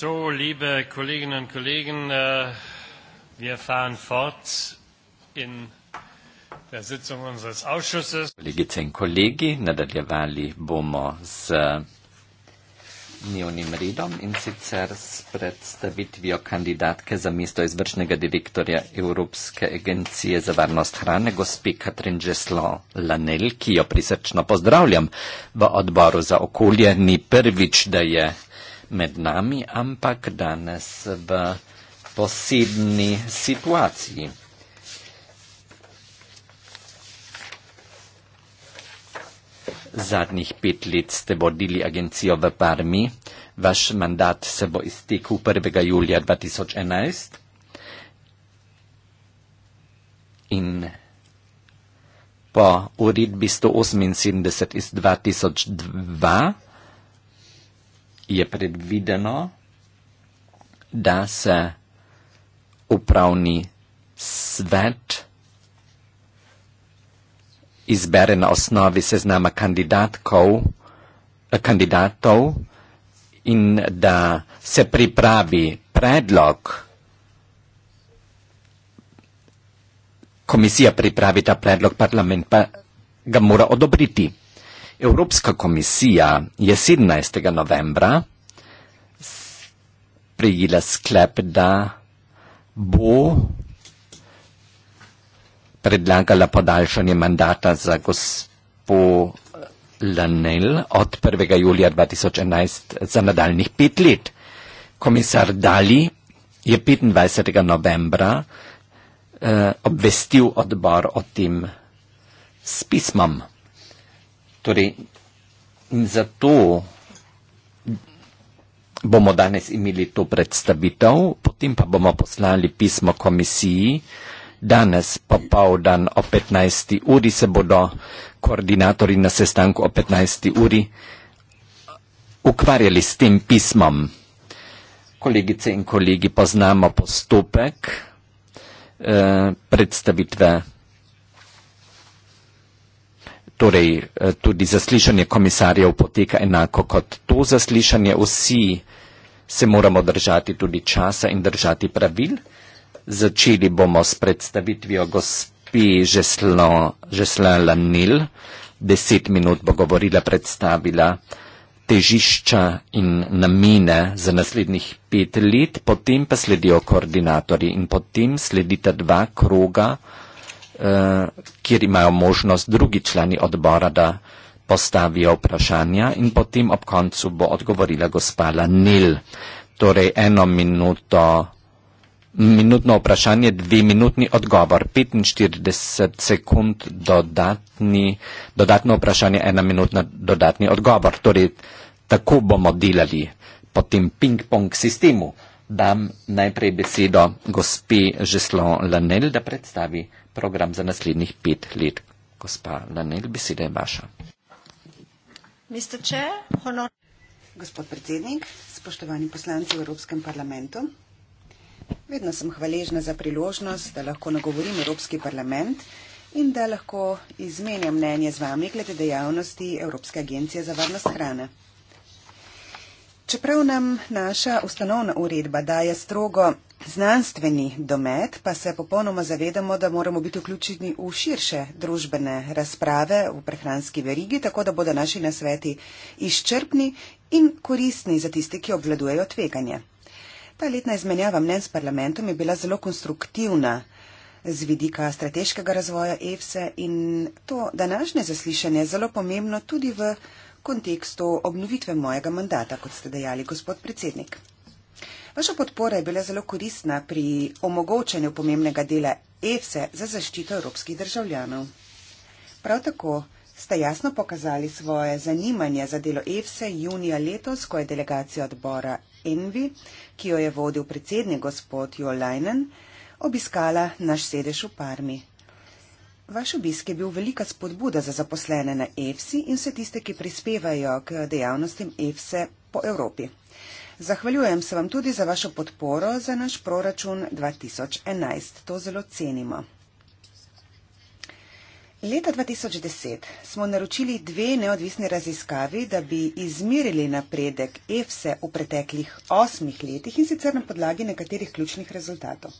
So, liebe Kolleginnen und Kollegen, äh, wir fahren fort in der Sitzung unseres Ausschusses. Kolleginnen und Kollegen, nadaljevali bomo z eh, njunim redom in sicer s predstavitvijo kandidatke za mesto izvršnega direktorja Evropske agencije za varnost hrane, gospe Katrin Džeslo Lanel, ki jo prisrčno pozdravljam v odboru za okolje, ni prvič, da je med nami, ampak danes v posebni situaciji. Zadnjih pet let ste vodili agencijo v Parmi, vaš mandat se bo iztekel 1. julija 2011 in po uredbi 178 iz 2002 je predvideno, da se upravni svet izbere na osnovi seznama kandidatkov, kandidatov in da se pripravi predlog. Komisija pripravi ta predlog, parlament pa ga mora odobriti. Evropska komisija je 17. novembra prijela sklep, da bo predlagala podaljšanje mandata za gospo Lanel od 1. julija 2011 za nadaljnih pet let. Komisar Dali je 25. novembra eh, obvestil odbor o tem s pismom. Torej, in zato bomo danes imeli to predstavitev, potem pa bomo poslali pismo komisiji. Danes popovdan o 15. uri se bodo koordinatori na sestanku o 15. uri ukvarjali s tem pismom. Kolegice in kolegi, poznamo postopek eh, predstavitve Torej, eh, tudi zaslišanje komisarjev poteka enako kot to zaslišanje. Vsi se moramo držati tudi časa in držati pravil. Začeli bomo s predstavitvijo gospe Žeslala Nil. Deset minut bo govorila, predstavila težišča in namene za naslednjih pet let, potem pa sledijo koordinatorji in potem sledita dva kroga. Eh, kjer imajo možnost drugi člani odbora, da postavijo vprašanja in potem ob koncu bo odgovorila gospa Lanil. Torej eno minuto, minutno vprašanje, dve minutni odgovor, 45 sekund dodatni, dodatno vprašanje, ena minutna dodatni odgovor. Torej tako bomo delali po tem ping-pong sistemu. Dam najprej besedo gospe Žeslo Lanil, da predstavi program za naslednjih pet let. Gospa Lanel, beseda je vaša. Če, honor... Gospod predsednik, spoštovani poslanci v Evropskem parlamentu, vedno sem hvaležna za priložnost, da lahko nagovorim Evropski parlament in da lahko izmenjam mnenje z vami glede dejavnosti Evropske agencije za varnost hrane. Čeprav nam naša ustanovna uredba daje strogo znanstveni domet, pa se popolnoma zavedamo, da moramo biti vključeni v širše družbene razprave v prehranski verigi, tako da bodo naši nasveti izčrpni in koristni za tisti, ki obvladujejo tveganje. Ta letna izmenjava mnen s parlamentom je bila zelo konstruktivna z vidika strateškega razvoja EFSE in to današnje zaslišanje je zelo pomembno tudi v kontekstu obnovitve mojega mandata, kot ste dejali, gospod predsednik. Vaša podpora je bila zelo koristna pri omogočanju pomembnega dela EFSE za zaščito evropskih državljanov. Prav tako ste jasno pokazali svoje zanimanje za delo EFSE junija letos, ko je delegacija odbora ENVI, ki jo je vodil predsednik gospod Jolajnen, obiskala naš sedež v Parmi. Vaš obisk je bil velika spodbuda za zaposlene na EFSI in vse tiste, ki prispevajo k dejavnostim EFSE po Evropi. Zahvaljujem se vam tudi za vašo podporo za naš proračun 2011. To zelo cenimo. Leta 2010 smo naročili dve neodvisni raziskavi, da bi izmirili napredek EFSE v preteklih osmih letih in sicer na podlagi nekaterih ključnih rezultatov.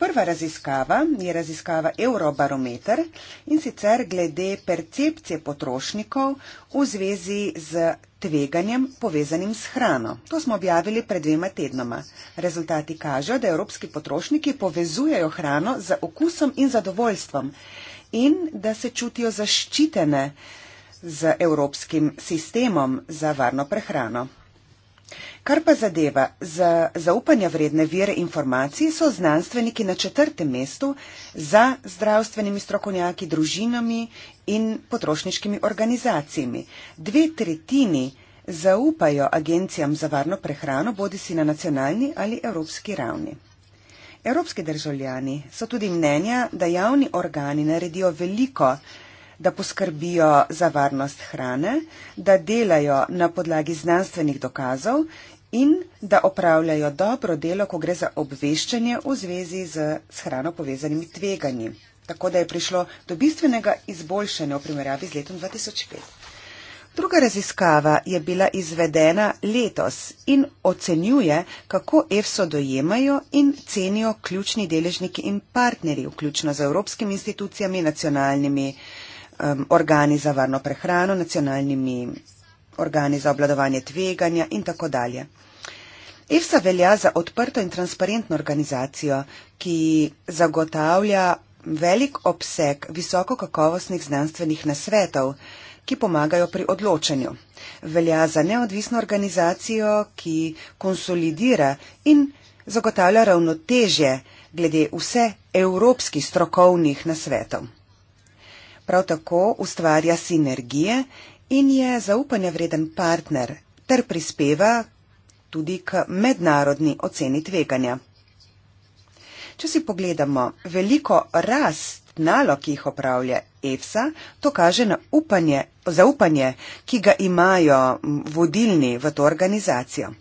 Prva raziskava je raziskava Eurobarometer in sicer glede percepcije potrošnikov v zvezi z tveganjem povezanim s hrano. To smo objavili pred dvema tednoma. Rezultati kažejo, da evropski potrošniki povezujejo hrano z okusom in zadovoljstvom in da se čutijo zaščitene z evropskim sistemom za varno prehrano. Kar pa zadeva za zaupanja vredne vire informacij, so znanstveniki na četrtem mestu za zdravstvenimi strokovnjaki, družinami in potrošniškimi organizacijami. Dve tretjini zaupajo agencijam za varno prehrano, bodi si na nacionalni ali evropski ravni. Evropski državljani so tudi mnenja, da javni organi naredijo veliko, da poskrbijo za varnost hrane, da delajo na podlagi znanstvenih dokazov in da opravljajo dobro delo, ko gre za obveščanje v zvezi z hrano povezanimi tveganji. Tako da je prišlo do bistvenega izboljšanja v primerjavi z letom 2005. Druga raziskava je bila izvedena letos in ocenjuje, kako EFSO dojemajo in cenijo ključni deležniki in partnerji, vključno z evropskimi institucijami, nacionalnimi um, organi za varno prehrano, nacionalnimi organi za obladovanje tveganja in tako dalje. EFSA velja za odprto in transparentno organizacijo, ki zagotavlja velik obseg visokokakovostnih znanstvenih nasvetov, ki pomagajo pri odločanju. Velja za neodvisno organizacijo, ki konsolidira in zagotavlja ravnotežje glede vse evropskih strokovnih nasvetov. Prav tako ustvarja sinergije in je zaupanja vreden partner ter prispeva tudi k mednarodni oceni tveganja. Če si pogledamo veliko rast nalog, ki jih opravlja EFSA, to kaže na upanje, zaupanje, ki ga imajo vodilni v to organizacijo.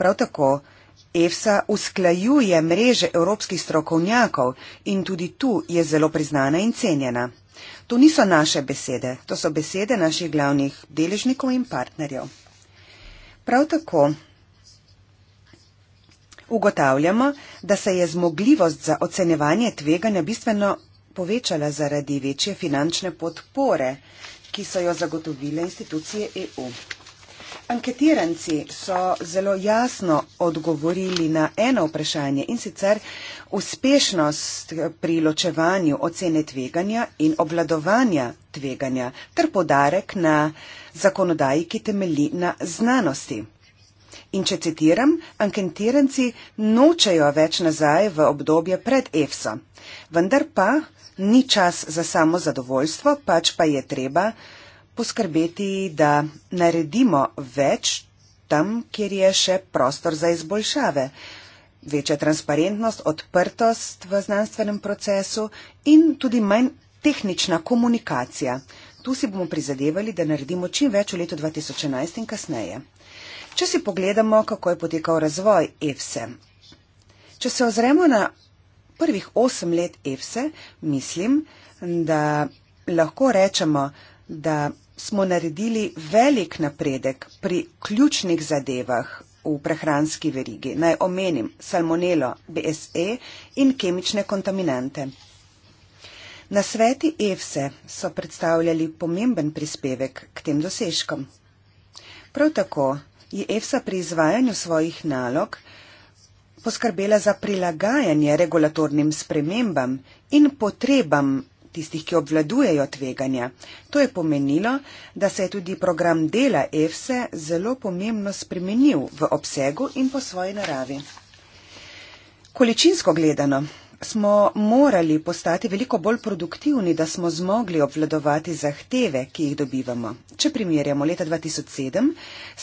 Prav tako EFSA usklajuje mreže evropskih strokovnjakov in tudi tu je zelo priznana in cenjena. To niso naše besede, to so besede naših glavnih deležnikov in partnerjev. Prav tako ugotavljamo, da se je zmogljivost za ocenevanje tveganja bistveno povečala zaradi večje finančne podpore, ki so jo zagotovile institucije EU. Anketiranci so zelo jasno odgovorili na eno vprašanje in sicer uspešnost pri ločevanju ocene tveganja in obladovanja tveganja ter podarek na zakonodaji, ki temeli na znanosti. In če citiram, anketiranci nočejo več nazaj v obdobje pred EFSO, vendar pa ni čas za samo zadovoljstvo, pač pa je treba poskrbeti, da naredimo več tam, kjer je še prostor za izboljšave. Večja transparentnost, odprtost v znanstvenem procesu in tudi manj tehnična komunikacija. Tu si bomo prizadevali, da naredimo čim več v letu 2011 in kasneje. Če si pogledamo, kako je potekal razvoj EFSE. Če se ozremo na prvih 8 let EFSE, mislim, da lahko rečemo, da smo naredili velik napredek pri ključnih zadevah v prehranski verigi. Naj omenim salmonelo, BSE in kemične kontaminante. Na sveti EFSE so predstavljali pomemben prispevek k tem dosežkom. Prav tako je EFSA pri izvajanju svojih nalog poskrbela za prilagajanje regulatornim spremembam in potrebam tistih, ki obvladujejo tveganja. To je pomenilo, da se je tudi program dela EFSE zelo pomembno spremenil v obsegu in po svoji naravi. Količinsko gledano smo morali postati veliko bolj produktivni, da smo zmogli obvladovati zahteve, ki jih dobivamo. Če primerjamo leta 2007,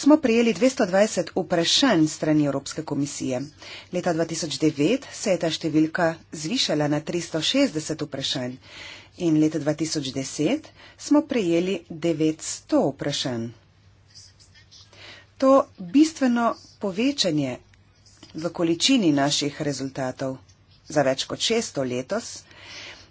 smo prejeli 220 vprašanj strani Evropske komisije. Leta 2009 se je ta številka zvišala na 360 vprašanj in leta 2010 smo prejeli 900 vprašanj. To bistveno povečanje v količini naših rezultatov za več kot 600 letos,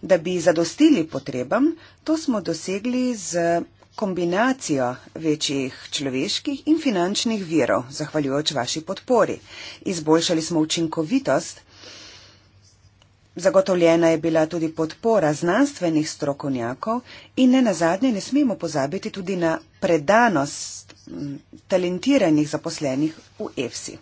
da bi zadostili potrebam, to smo dosegli z kombinacijo večjih človeških in finančnih virov, zahvaljujoč vaši podpori. Izboljšali smo učinkovitost Zagotovljena je bila tudi podpora znanstvenih strokovnjakov in ne nazadnje ne smemo pozabiti tudi na predanost talentiranih zaposlenih v EFSI.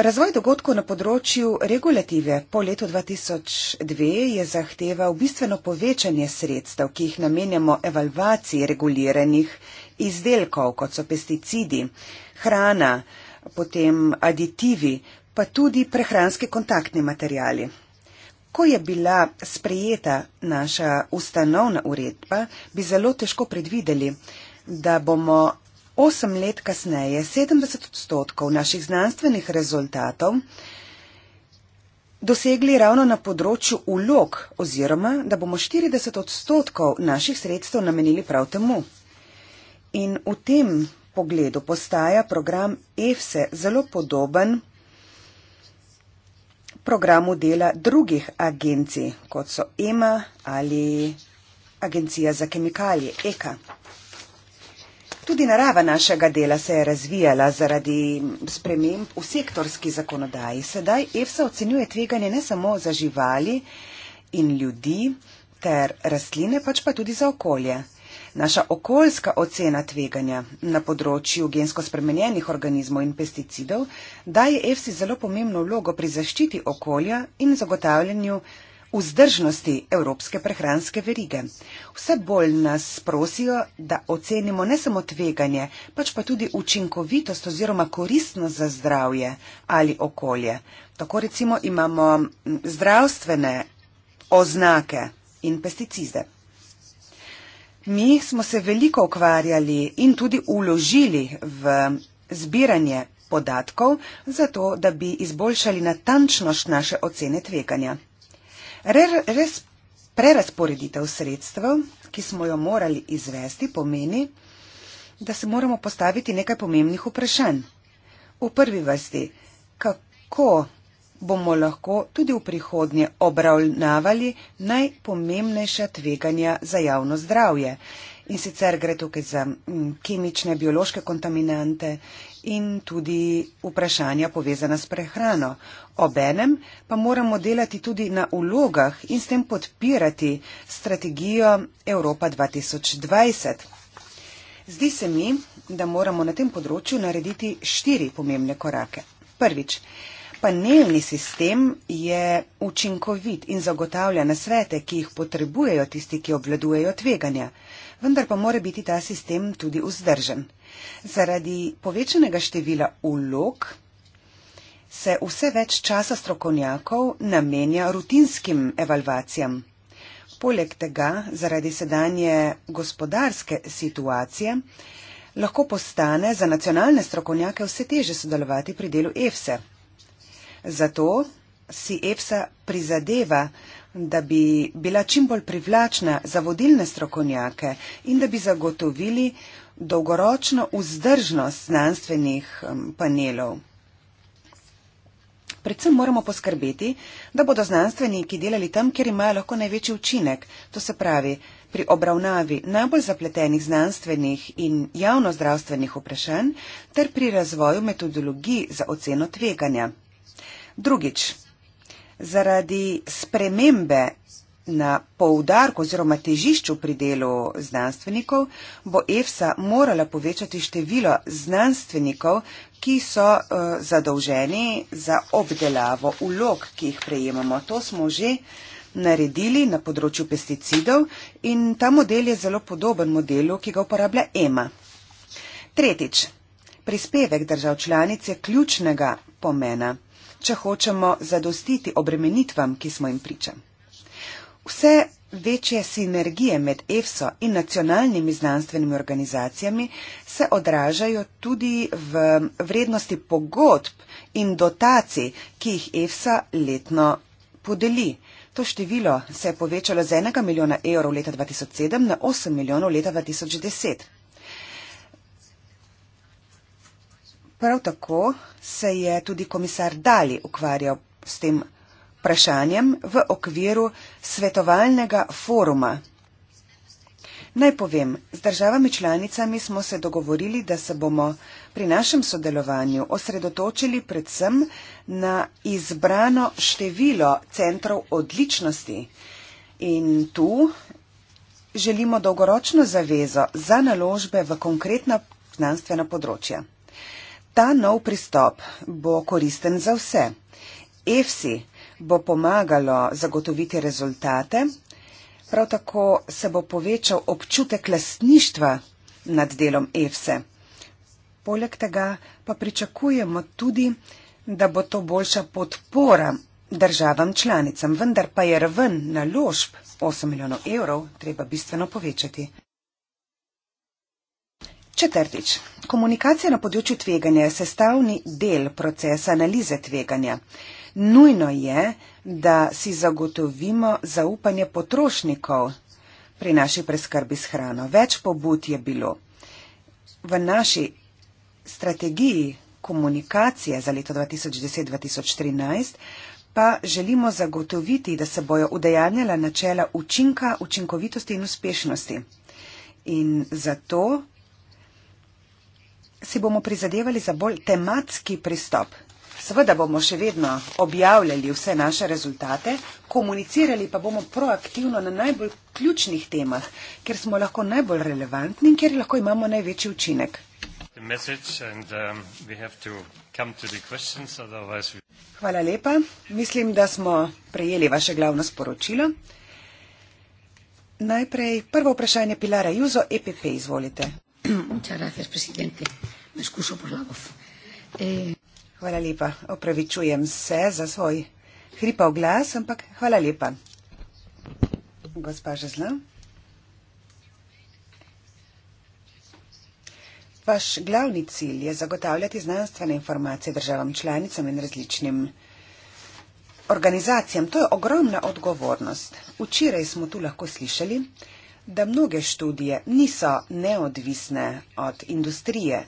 Razvoj dogodkov na področju regulative po letu 2002 je zahteval bistveno povečanje sredstev, ki jih namenjamo evalvaciji reguliranih izdelkov, kot so pesticidi, hrana, potem aditivi, pa tudi prehranske kontaktne materijali. Ko je bila sprejeta naša ustanovna uredba, bi zelo težko predvideli, da bomo osem let kasneje 70 odstotkov naših znanstvenih rezultatov dosegli ravno na področju ulog oziroma da bomo 40 odstotkov naših sredstev namenili prav temu. In v tem pogledu postaja program EFSE zelo podoben programu dela drugih agencij, kot so EMA ali Agencija za kemikalije EKA. Tudi narava našega dela se je razvijala zaradi sprememb v sektorski zakonodaji. Sedaj EFSA ocenjuje tveganje ne samo za živali in ljudi ter rastline, pač pa tudi za okolje. Naša okoljska ocena tveganja na področju gensko spremenjenih organizmov in pesticidov daje EFSI zelo pomembno vlogo pri zaščiti okolja in zagotavljanju vzdržnosti evropske prehranske verige. Vse bolj nas prosijo, da ocenimo ne samo tveganje, pač pa tudi učinkovitost oziroma koristnost za zdravje ali okolje. Tako recimo imamo zdravstvene oznake in pesticide. Mi smo se veliko ukvarjali in tudi uložili v zbiranje podatkov, zato da bi izboljšali natančnost naše ocene tveganja. Res prerasporeditev sredstev, ki smo jo morali izvesti, pomeni, da se moramo postaviti nekaj pomembnih vprašanj. V prvi vrsti, kako bomo lahko tudi v prihodnje obravnavali najpomembnejša tveganja za javno zdravje. In sicer gre tukaj za mm, kemične, biološke kontaminante in tudi vprašanja povezana s prehrano. Obenem pa moramo delati tudi na ulogah in s tem podpirati strategijo Evropa 2020. Zdi se mi, da moramo na tem področju narediti štiri pomembne korake. Prvič, panelni sistem je učinkovit in zagotavlja nasvete, ki jih potrebujejo tisti, ki obvladujejo tveganja, vendar pa mora biti ta sistem tudi vzdržen. Zaradi povečanega števila ulog se vse več časa strokovnjakov namenja rutinskim evalvacijam. Poleg tega, zaradi sedanje gospodarske situacije, lahko postane za nacionalne strokovnjake vse teže sodelovati pri delu EFSE. Zato si EPSA prizadeva, da bi bila čim bolj privlačna za vodilne strokovnjake in da bi zagotovili dolgoročno vzdržnost znanstvenih um, panelov. Predvsem moramo poskrbeti, da bodo znanstveniki delali tam, kjer imajo lahko največji učinek, to se pravi pri obravnavi najbolj zapletenih znanstvenih in javnozdravstvenih vprašanj ter pri razvoju metodologij za oceno tveganja. Drugič, zaradi spremembe na poudarku oziroma težišču pri delu znanstvenikov bo EFSA morala povečati število znanstvenikov, ki so uh, zadolženi za obdelavo ulog, ki jih prejemamo. To smo že naredili na področju pesticidov in ta model je zelo podoben modelu, ki ga uporablja EMA. Tretjič, prispevek držav članic je ključnega pomena če hočemo zadostiti obremenitvam, ki smo jim priča. Vse večje sinergije med EFSO in nacionalnimi znanstvenimi organizacijami se odražajo tudi v vrednosti pogodb in dotacij, ki jih EFSA letno podeli. To število se je povečalo z 1 milijona evrov leta 2007 na 8 milijonov leta 2010. Prav tako se je tudi komisar Dali ukvarjal s tem vprašanjem v okviru svetovalnega foruma. Naj povem, z državami članicami smo se dogovorili, da se bomo pri našem sodelovanju osredotočili predvsem na izbrano število centrov odličnosti in tu želimo dolgoročno zavezo za naložbe v konkretna znanstvena področja. Ta nov pristop bo koristen za vse. EFSI bo pomagalo zagotoviti rezultate, prav tako se bo povečal občutek lastništva nad delom EFSE. Poleg tega pa pričakujemo tudi, da bo to boljša podpora državam članicam, vendar pa je raven naložb 8 milijonov evrov treba bistveno povečati. Četrtič. Komunikacija na področju tveganja je sestavni del procesa analize tveganja. Nujno je, da si zagotovimo zaupanje potrošnikov pri naši preskrbi s hrano. Več pobud je bilo. V naši strategiji komunikacije za leto 2010-2013 pa želimo zagotoviti, da se bojo udejanjala načela učinka, učinkovitosti in uspešnosti. In zato si bomo prizadevali za bolj tematski pristop. Seveda bomo še vedno objavljali vse naše rezultate, komunicirali pa bomo proaktivno na najbolj ključnih temah, kjer smo lahko najbolj relevantni in kjer lahko imamo največji učinek. Um, Hvala lepa. Mislim, da smo prejeli vaše glavno sporočilo. Najprej prvo vprašanje Pilara Juzo, EPP, izvolite. Muchas gracias, presidente. Me excuso por la voz. Eh... Hvala lepa. Opravičujem se za svoj hripav glas, ampak hvala lepa. Gospa Žezla. Vaš glavni cilj je zagotavljati znanstvene informacije državam članicam in različnim organizacijam. To je ogromna odgovornost. Včeraj smo tu lahko slišali, da mnoge študije niso neodvisne od industrije.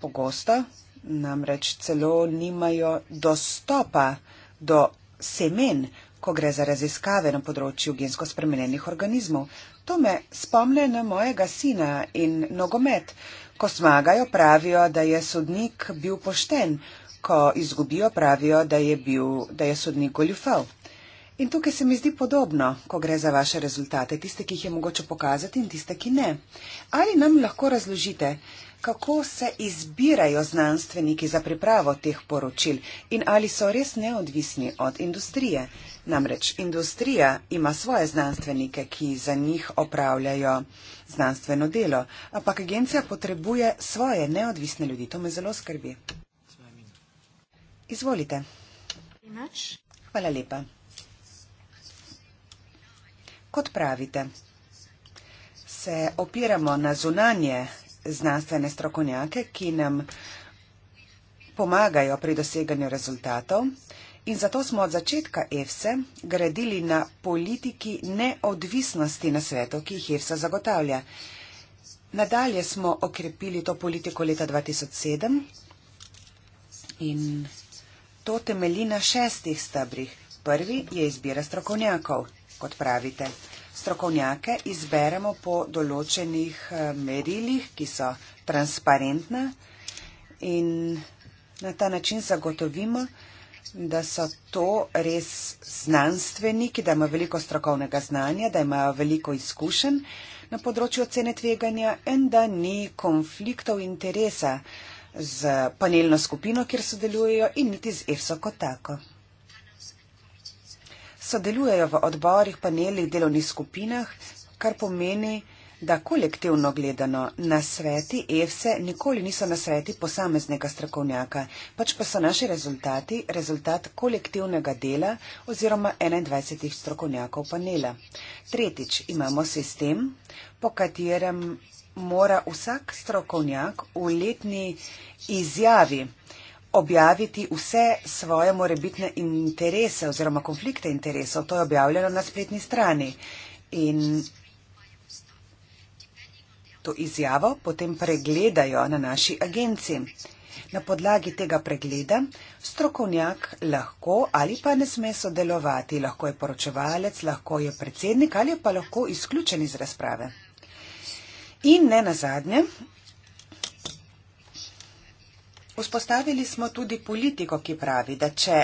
Pogosto namreč celo nimajo dostopa do semen, ko gre za raziskave na področju gensko spremenjenih organizmov. To me spomne na mojega sina in nogomet. Ko smagajo, pravijo, da je sodnik bil pošten, ko izgubijo, pravijo, da je, bil, da je sodnik goljufal. In tukaj se mi zdi podobno, ko gre za vaše rezultate, tiste, ki jih je mogoče pokazati in tiste, ki ne. Ali nam lahko razložite, kako se izbirajo znanstveniki za pripravo teh poročil in ali so res neodvisni od industrije? Namreč industrija ima svoje znanstvenike, ki za njih opravljajo znanstveno delo, ampak agencija potrebuje svoje neodvisne ljudi. To me zelo skrbi. Izvolite. Hvala lepa kot pravite. Se opiramo na zunanje znanstvene strokovnjake, ki nam pomagajo pri doseganju rezultatov in zato smo od začetka EFSE gradili na politiki neodvisnosti na svetu, ki jih EFSE zagotavlja. Nadalje smo okrepili to politiko leta 2007 in to temelji na šestih stabrih. Prvi je izbira strokovnjakov kot pravite. Strokovnjake izberemo po določenih eh, merilih, ki so transparentna in na ta način zagotovimo, da so to res znanstveniki, da imajo veliko strokovnega znanja, da imajo veliko izkušenj na področju ocene tveganja in da ni konfliktov interesa z panelno skupino, kjer sodelujejo in niti z EFSO kot tako sodelujejo v odborih, panelih, delovnih skupinah, kar pomeni, da kolektivno gledano na sveti EFSE nikoli niso na sveti posameznega strokovnjaka, pač pa so naši rezultati rezultat kolektivnega dela oziroma 21 strokovnjakov panela. Tretjič, imamo sistem, po katerem mora vsak strokovnjak v letni izjavi objaviti vse svoje morebitne interese oziroma konflikte interesov. To je objavljeno na spletni strani. In to izjavo potem pregledajo na naši agenciji. Na podlagi tega pregleda strokovnjak lahko ali pa ne sme sodelovati. Lahko je poročevalec, lahko je predsednik ali pa lahko izključen iz razprave. In ne nazadnje, Vzpostavili smo tudi politiko, ki pravi, da če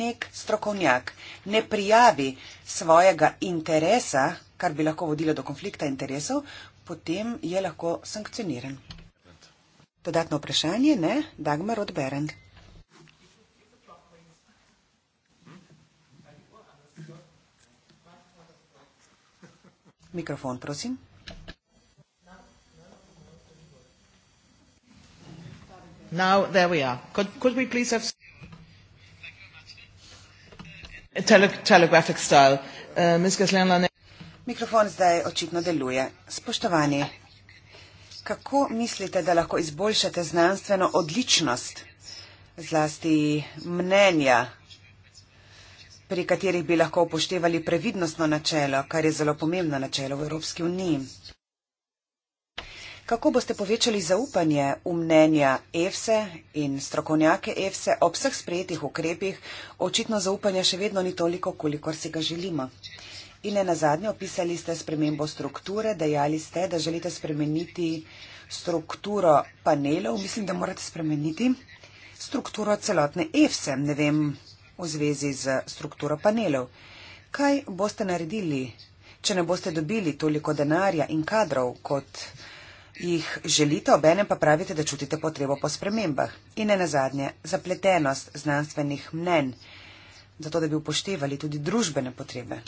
nek strokovnjak ne prijavi svojega interesa, kar bi lahko vodilo do konflikta interesov, potem je lahko sankcioniran. Dodatno vprašanje, ne? Dagmar odberen. Mikrofon, prosim. Now, there we are. Could, could we please have... Tele, telegraphic style. Uh, Ms. Gaslenla... Mikrofon zdaj očitno deluje. Spoštovani, kako mislite, da lahko izboljšate znanstveno odličnost, zlasti mnenja, pri katerih bi lahko upoštevali previdnostno načelo, kar je zelo pomembno načelo v Evropski uniji? Kako boste povečali zaupanje v mnenja EFSE in strokovnjake EFSE ob vseh sprejetih ukrepih? Očitno zaupanja še vedno ni toliko, kolikor si ga želimo. In ne nazadnje, opisali ste spremembo strukture, dejali ste, da želite spremeniti strukturo panelov, mislim, da morate spremeniti strukturo celotne EFSE, ne vem, v zvezi z strukturo panelov. Kaj boste naredili, če ne boste dobili toliko denarja in kadrov kot jih želite, obenem pa pravite, da čutite potrebo po spremembah in ne nazadnje zapletenost znanstvenih mnen, zato da bi upoštevali tudi družbene potrebe.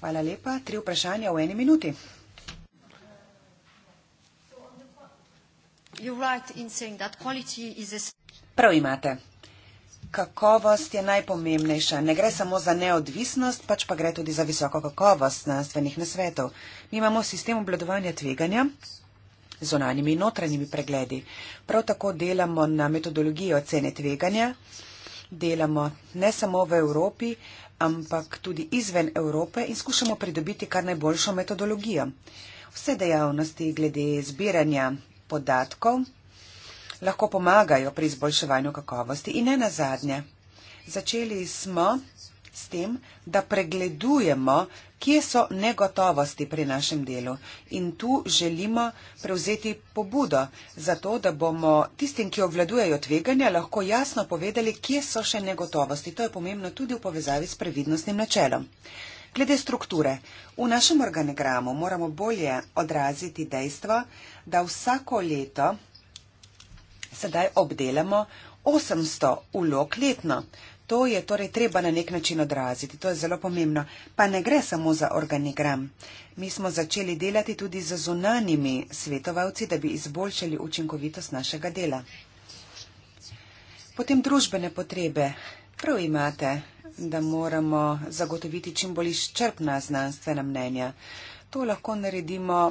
Hvala lepa. Tri vprašanja v eni minuti. Prav imate kakovost je najpomembnejša. Ne gre samo za neodvisnost, pač pa gre tudi za visoko kakovost znanstvenih nasvetov. Mi imamo sistem obladovanja tveganja z onanjimi in notranjimi pregledi. Prav tako delamo na metodologijo ocene tveganja. Delamo ne samo v Evropi, ampak tudi izven Evrope in skušamo pridobiti kar najboljšo metodologijo. Vse dejavnosti glede zbiranja podatkov lahko pomagajo pri izboljševanju kakovosti. In ne nazadnje, začeli smo s tem, da pregledujemo, kje so negotovosti pri našem delu. In tu želimo prevzeti pobudo, zato da bomo tistim, ki obvladujejo tveganja, lahko jasno povedali, kje so še negotovosti. To je pomembno tudi v povezavi s previdnostnim načelom. Glede strukture. V našem organigramu moramo bolje odraziti dejstvo, da vsako leto sedaj obdelamo 800 vlog letno. To je torej treba na nek način odraziti, to je zelo pomembno. Pa ne gre samo za organigram. Mi smo začeli delati tudi z zunanimi svetovalci, da bi izboljšali učinkovitost našega dela. Potem družbene potrebe. Prav imate, da moramo zagotoviti čim bolj izčrpna znanstvena mnenja. To lahko naredimo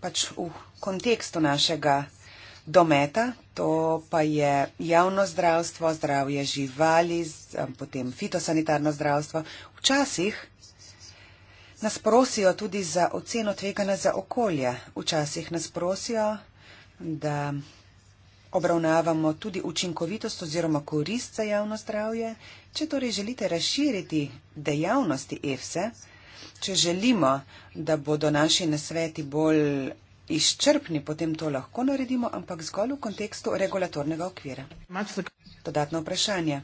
pač v kontekstu našega Dometa, to pa je javno zdravstvo, zdravje živali, potem fitosanitarno zdravstvo. Včasih nas prosijo tudi za oceno tvegana za okolje. Včasih nas prosijo, da obravnavamo tudi učinkovitost oziroma korist za javno zdravje. Če torej želite razširiti dejavnosti EFSE, če želimo, da bodo naši nasveti bolj izčrpni, potem to lahko naredimo, ampak zgolj v kontekstu regulatornega okvira. Dodatno vprašanje.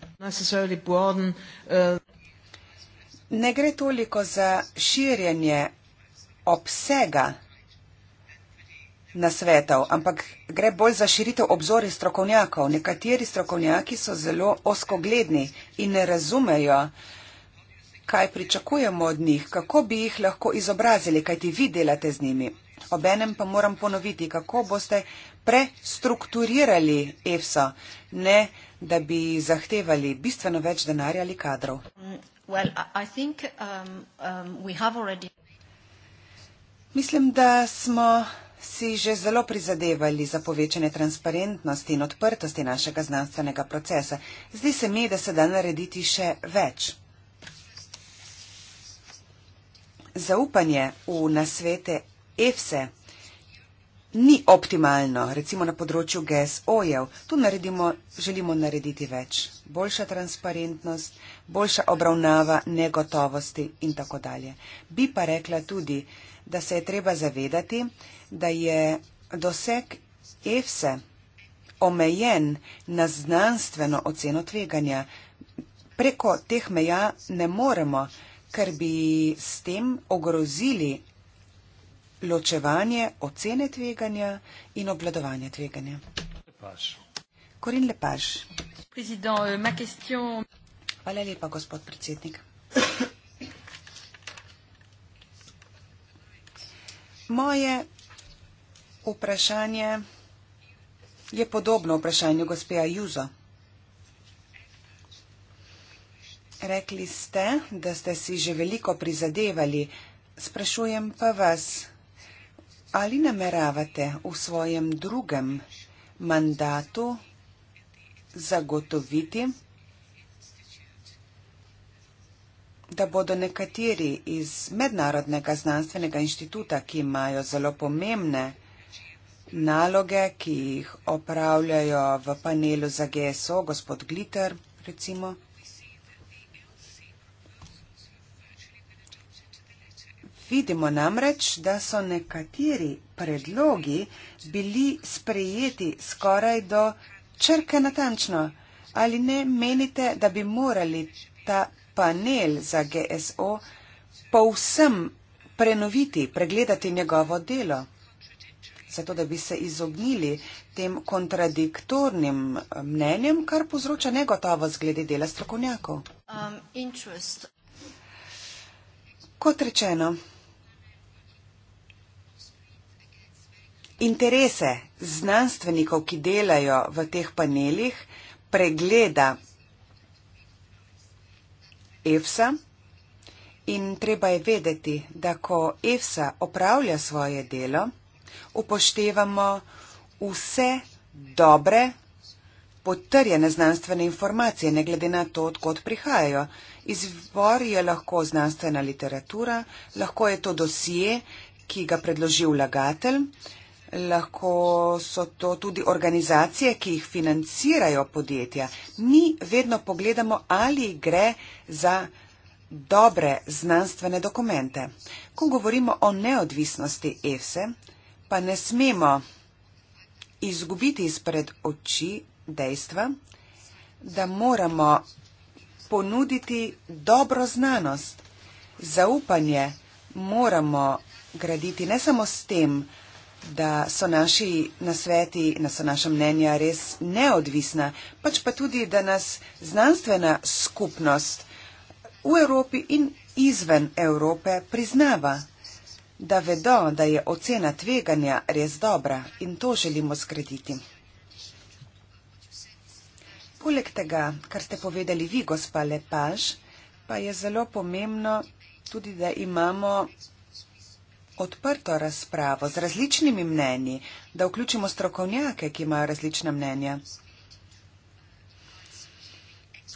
Ne gre toliko za širjenje obsega nasvetov, ampak gre bolj za širitev obzori strokovnjakov. Nekateri strokovnjaki so zelo oskogledni in ne razumejo, kaj pričakujemo od njih, kako bi jih lahko izobrazili, kaj ti vi delate z njimi. Obenem pa moram ponoviti, kako boste prestrukturirali EFSA, ne da bi zahtevali bistveno več denarja ali kadrov. Mm, well, think, um, um, already... Mislim, da smo si že zelo prizadevali za povečanje transparentnosti in odprtosti našega znanstvenega procesa. Zdi se mi, da se da narediti še več. Zaupanje v nasvete EFSE ni optimalno, recimo na področju GSO-jev. Tu naredimo, želimo narediti več. Boljša transparentnost, boljša obravnava negotovosti in tako dalje. Bi pa rekla tudi, da se je treba zavedati, da je doseg EFSE omejen na znanstveno oceno tveganja. Preko teh meja ne moremo, ker bi s tem ogrozili ločevanje ocene tveganja in obladovanje tveganja. Korin Lepaš. Euh, Hvala lepa, gospod predsednik. Moje vprašanje je podobno vprašanju gospe Ajuzo. Rekli ste, da ste si že veliko prizadevali, sprašujem pa vas. Ali nameravate v svojem drugem mandatu zagotoviti, da bodo nekateri iz Mednarodnega znanstvenega inštituta, ki imajo zelo pomembne naloge, ki jih opravljajo v panelu za GSO, gospod Glitter, recimo, Vidimo namreč, da so nekateri predlogi bili sprejeti skoraj do črke natančno. Ali ne menite, da bi morali ta panel za GSO povsem prenoviti, pregledati njegovo delo? zato da bi se izognili tem kontradiktornim eh, mnenjem, kar povzroča negotovost glede dela strokovnjakov. Um, Kot rečeno, interese znanstvenikov, ki delajo v teh panelih, pregleda EFSA in treba je vedeti, da ko EFSA opravlja svoje delo, upoštevamo vse dobre, potrjene znanstvene informacije, ne glede na to, odkot prihajajo. Izvor je lahko znanstvena literatura, lahko je to dosije, ki ga predloži vlagatelj, lahko so to tudi organizacije, ki jih financirajo podjetja. Mi vedno pogledamo, ali gre za dobre znanstvene dokumente. Ko govorimo o neodvisnosti EFSE, e, pa ne smemo izgubiti izpred oči dejstva, da moramo ponuditi dobro znanost. Zaupanje moramo graditi ne samo s tem, da so naši nasveti, da so naša mnenja res neodvisna, pač pa tudi, da nas znanstvena skupnost v Evropi in izven Evrope priznava, da vedo, da je ocena tveganja res dobra in to želimo skrediti. Poleg tega, kar ste povedali vi, gospa Lepaž, pa je zelo pomembno tudi, da imamo odprto razpravo z različnimi mnenji, da vključimo strokovnjake, ki imajo različna mnenja.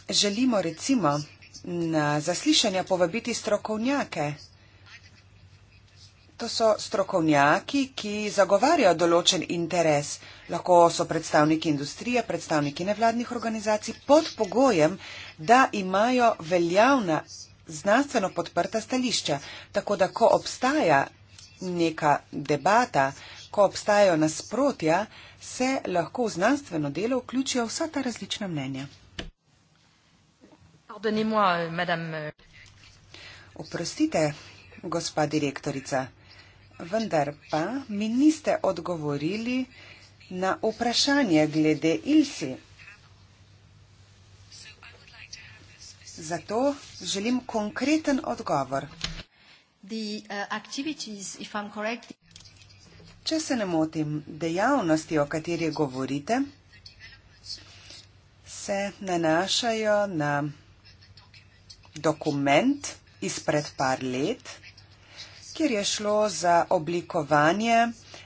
Želimo recimo na zaslišanja povabiti strokovnjake. To so strokovnjaki, ki zagovarjajo določen interes. Lahko so predstavniki industrije, predstavniki nevladnih organizacij pod pogojem, da imajo veljavna znanstveno podprta stališča. Tako da, ko obstaja neka debata, ko obstajajo nasprotja, se lahko v znanstveno delo vključijo vsa ta različna mnenja. Euh, euh. Oprostite, gospa direktorica, vendar pa mi niste odgovorili na vprašanje glede Ilsi. Zato želim konkreten odgovor. Uh, Če se ne motim, dejavnosti, o kateri govorite, se nanašajo na dokument izpred par let, kjer je šlo za oblikovanje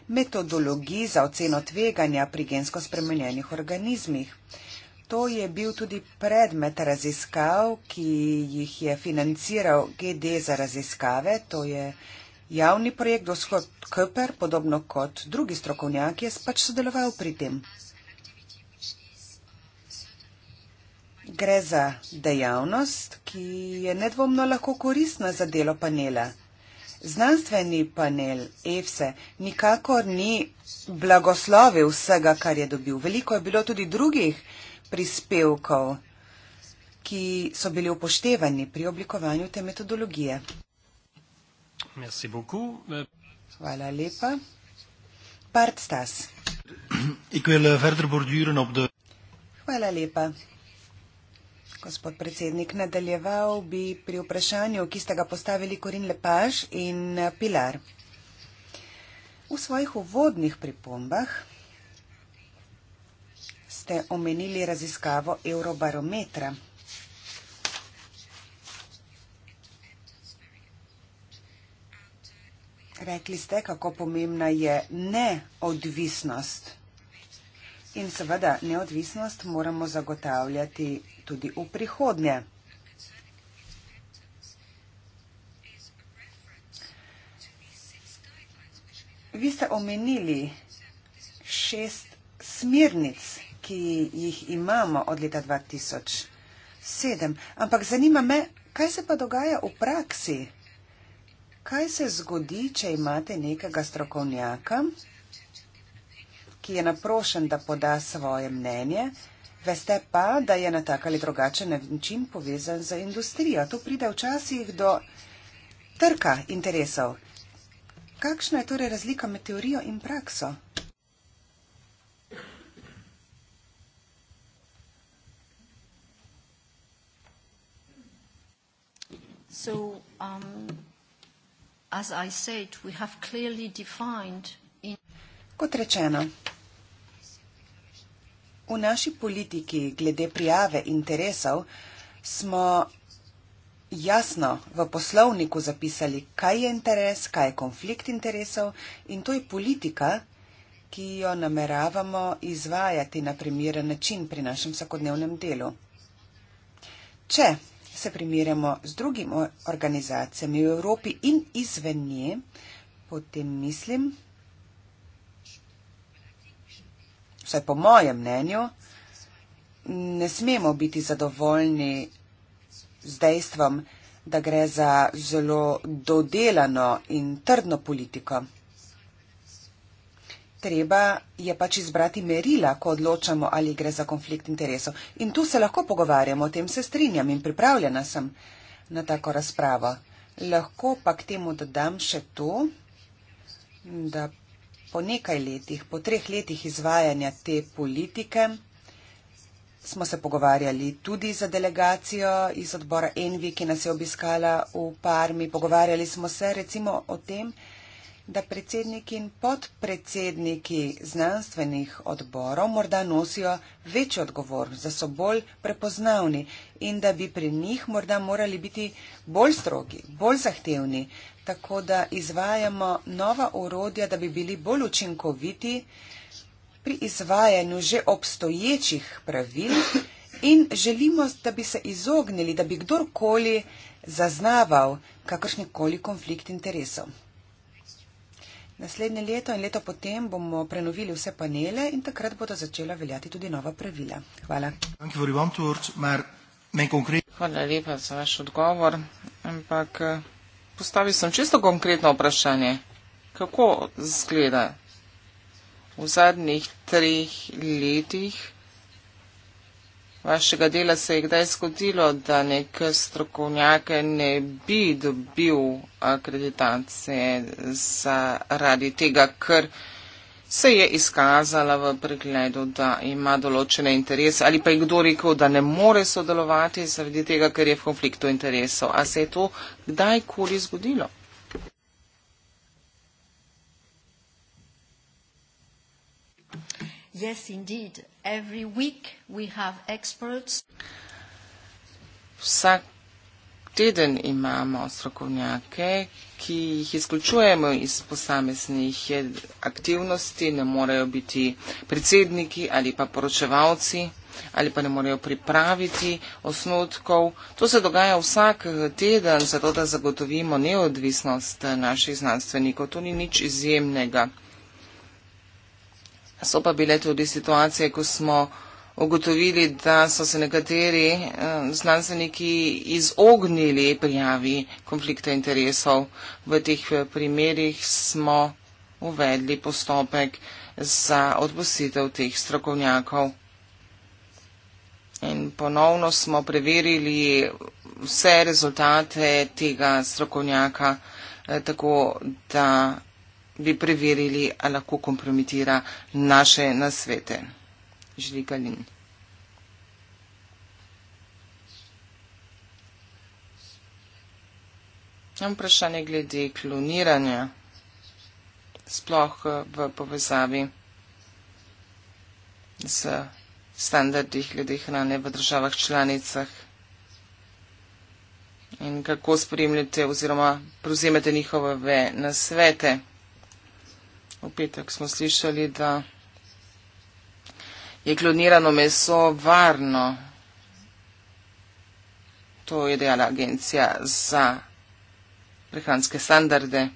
metodologij za oceno tveganja pri gensko spremenjenih organizmih. To je bil tudi predmet raziskav, ki jih je financiral GD za raziskave. To je javni projekt Doshod Köper, podobno kot drugi strokovnjak je pač sodeloval pri tem. Gre za dejavnost, ki je nedvomno lahko koristna za delo panela. Znanstveni panel EFSE nikakor ni blagoslovil vsega, kar je dobil. Veliko je bilo tudi drugih prispevkov, ki so bili upoštevani pri oblikovanju te metodologije. Hvala lepa. Part Stas. Eh, Hvala lepa. Gospod predsednik, nadaljeval bi pri vprašanju, ki ste ga postavili Korin Lepaž in eh, Pilar. V svojih uvodnih pripombah ste omenili raziskavo Eurobarometra. Rekli ste, kako pomembna je neodvisnost. In seveda, neodvisnost moramo zagotavljati tudi v prihodnje. Vi ste omenili šest smernic ki jih imamo od leta 2007. Ampak zanima me, kaj se pa dogaja v praksi? Kaj se zgodi, če imate nekega strokovnjaka, ki je naprošen, da poda svoje mnenje, veste pa, da je na tak ali drugačen način povezan z industrijo. To pride včasih do trka interesov. Kakšna je torej razlika med teorijo in prakso? So, um, as I said, we have clearly defined in. Kot rečeno, v naši politiki glede prijave interesov smo jasno v poslovniku zapisali, kaj je interes, kaj je konflikt interesov in to je politika, ki jo nameravamo izvajati na primeren način pri našem vsakodnevnem delu. Če se primerjamo z drugimi organizacijami v Evropi in izven nje, potem mislim, vsaj po mojem mnenju, ne smemo biti zadovoljni z dejstvom, da gre za zelo dodelano in trdno politiko. Treba je pač izbrati merila, ko odločamo, ali gre za konflikt interesov. In tu se lahko pogovarjamo, o tem se strinjam in pripravljena sem na tako razpravo. Lahko pa k temu dodam še to, da po nekaj letih, po treh letih izvajanja te politike, smo se pogovarjali tudi za delegacijo iz odbora Envi, ki nas je obiskala v Parmi. Pogovarjali smo se recimo o tem, da da predsedniki in podpredsedniki znanstvenih odborov morda nosijo večjo odgovornost, da so bolj prepoznavni in da bi pri njih morda morali biti bolj strogi, bolj zahtevni, tako da izvajamo nova urodja, da bi bili bolj učinkoviti pri izvajanju že obstoječih pravil in želimo, da bi se izognili, da bi kdorkoli zaznaval kakršnikoli konflikt interesov. Naslednje leto in leto potem bomo prenovili vse panele in takrat bodo začela veljati tudi nova pravila. Hvala. Hvala lepa za vaš odgovor, ampak eh, postavil sem čisto konkretno vprašanje. Kako zgleda v zadnjih treh letih vašega dela se je kdaj zgodilo, da nek strokovnjak ne bi dobil akreditacije zaradi tega, ker se je izkazala v pregledu, da ima določene interese ali pa je kdo rekel, da ne more sodelovati zaradi tega, ker je v konfliktu interesov. A se je to kdajkoli zgodilo? Yes, indeed. Every week we have experts. Vsak teden imamo strokovnjake, ki jih izključujemo iz posameznih aktivnosti, ne morejo biti predsedniki ali pa poročevalci ali pa ne morejo pripraviti osnotkov. To se dogaja vsak teden, zato da zagotovimo neodvisnost naših znanstvenikov. To ni nič izjemnega. So pa bile tudi situacije, ko smo ugotovili, da so se nekateri eh, znanstveniki izognili prijavi konflikta interesov. V teh eh, primerjih smo uvedli postopek za odpustitev teh strokovnjakov. In ponovno smo preverili vse rezultate tega strokovnjaka, eh, tako da bi preverili, ali lahko kompromitira naše nasvete. Žiga Lin. Imam vprašanje glede kloniranja, sploh v povezavi z standardi glede hrane v državah članicah in kako spremljate oziroma prevzemete njihove nasvete. V petek smo slišali, da je klonirano meso varno. To je dejala agencija za prehranske standarde.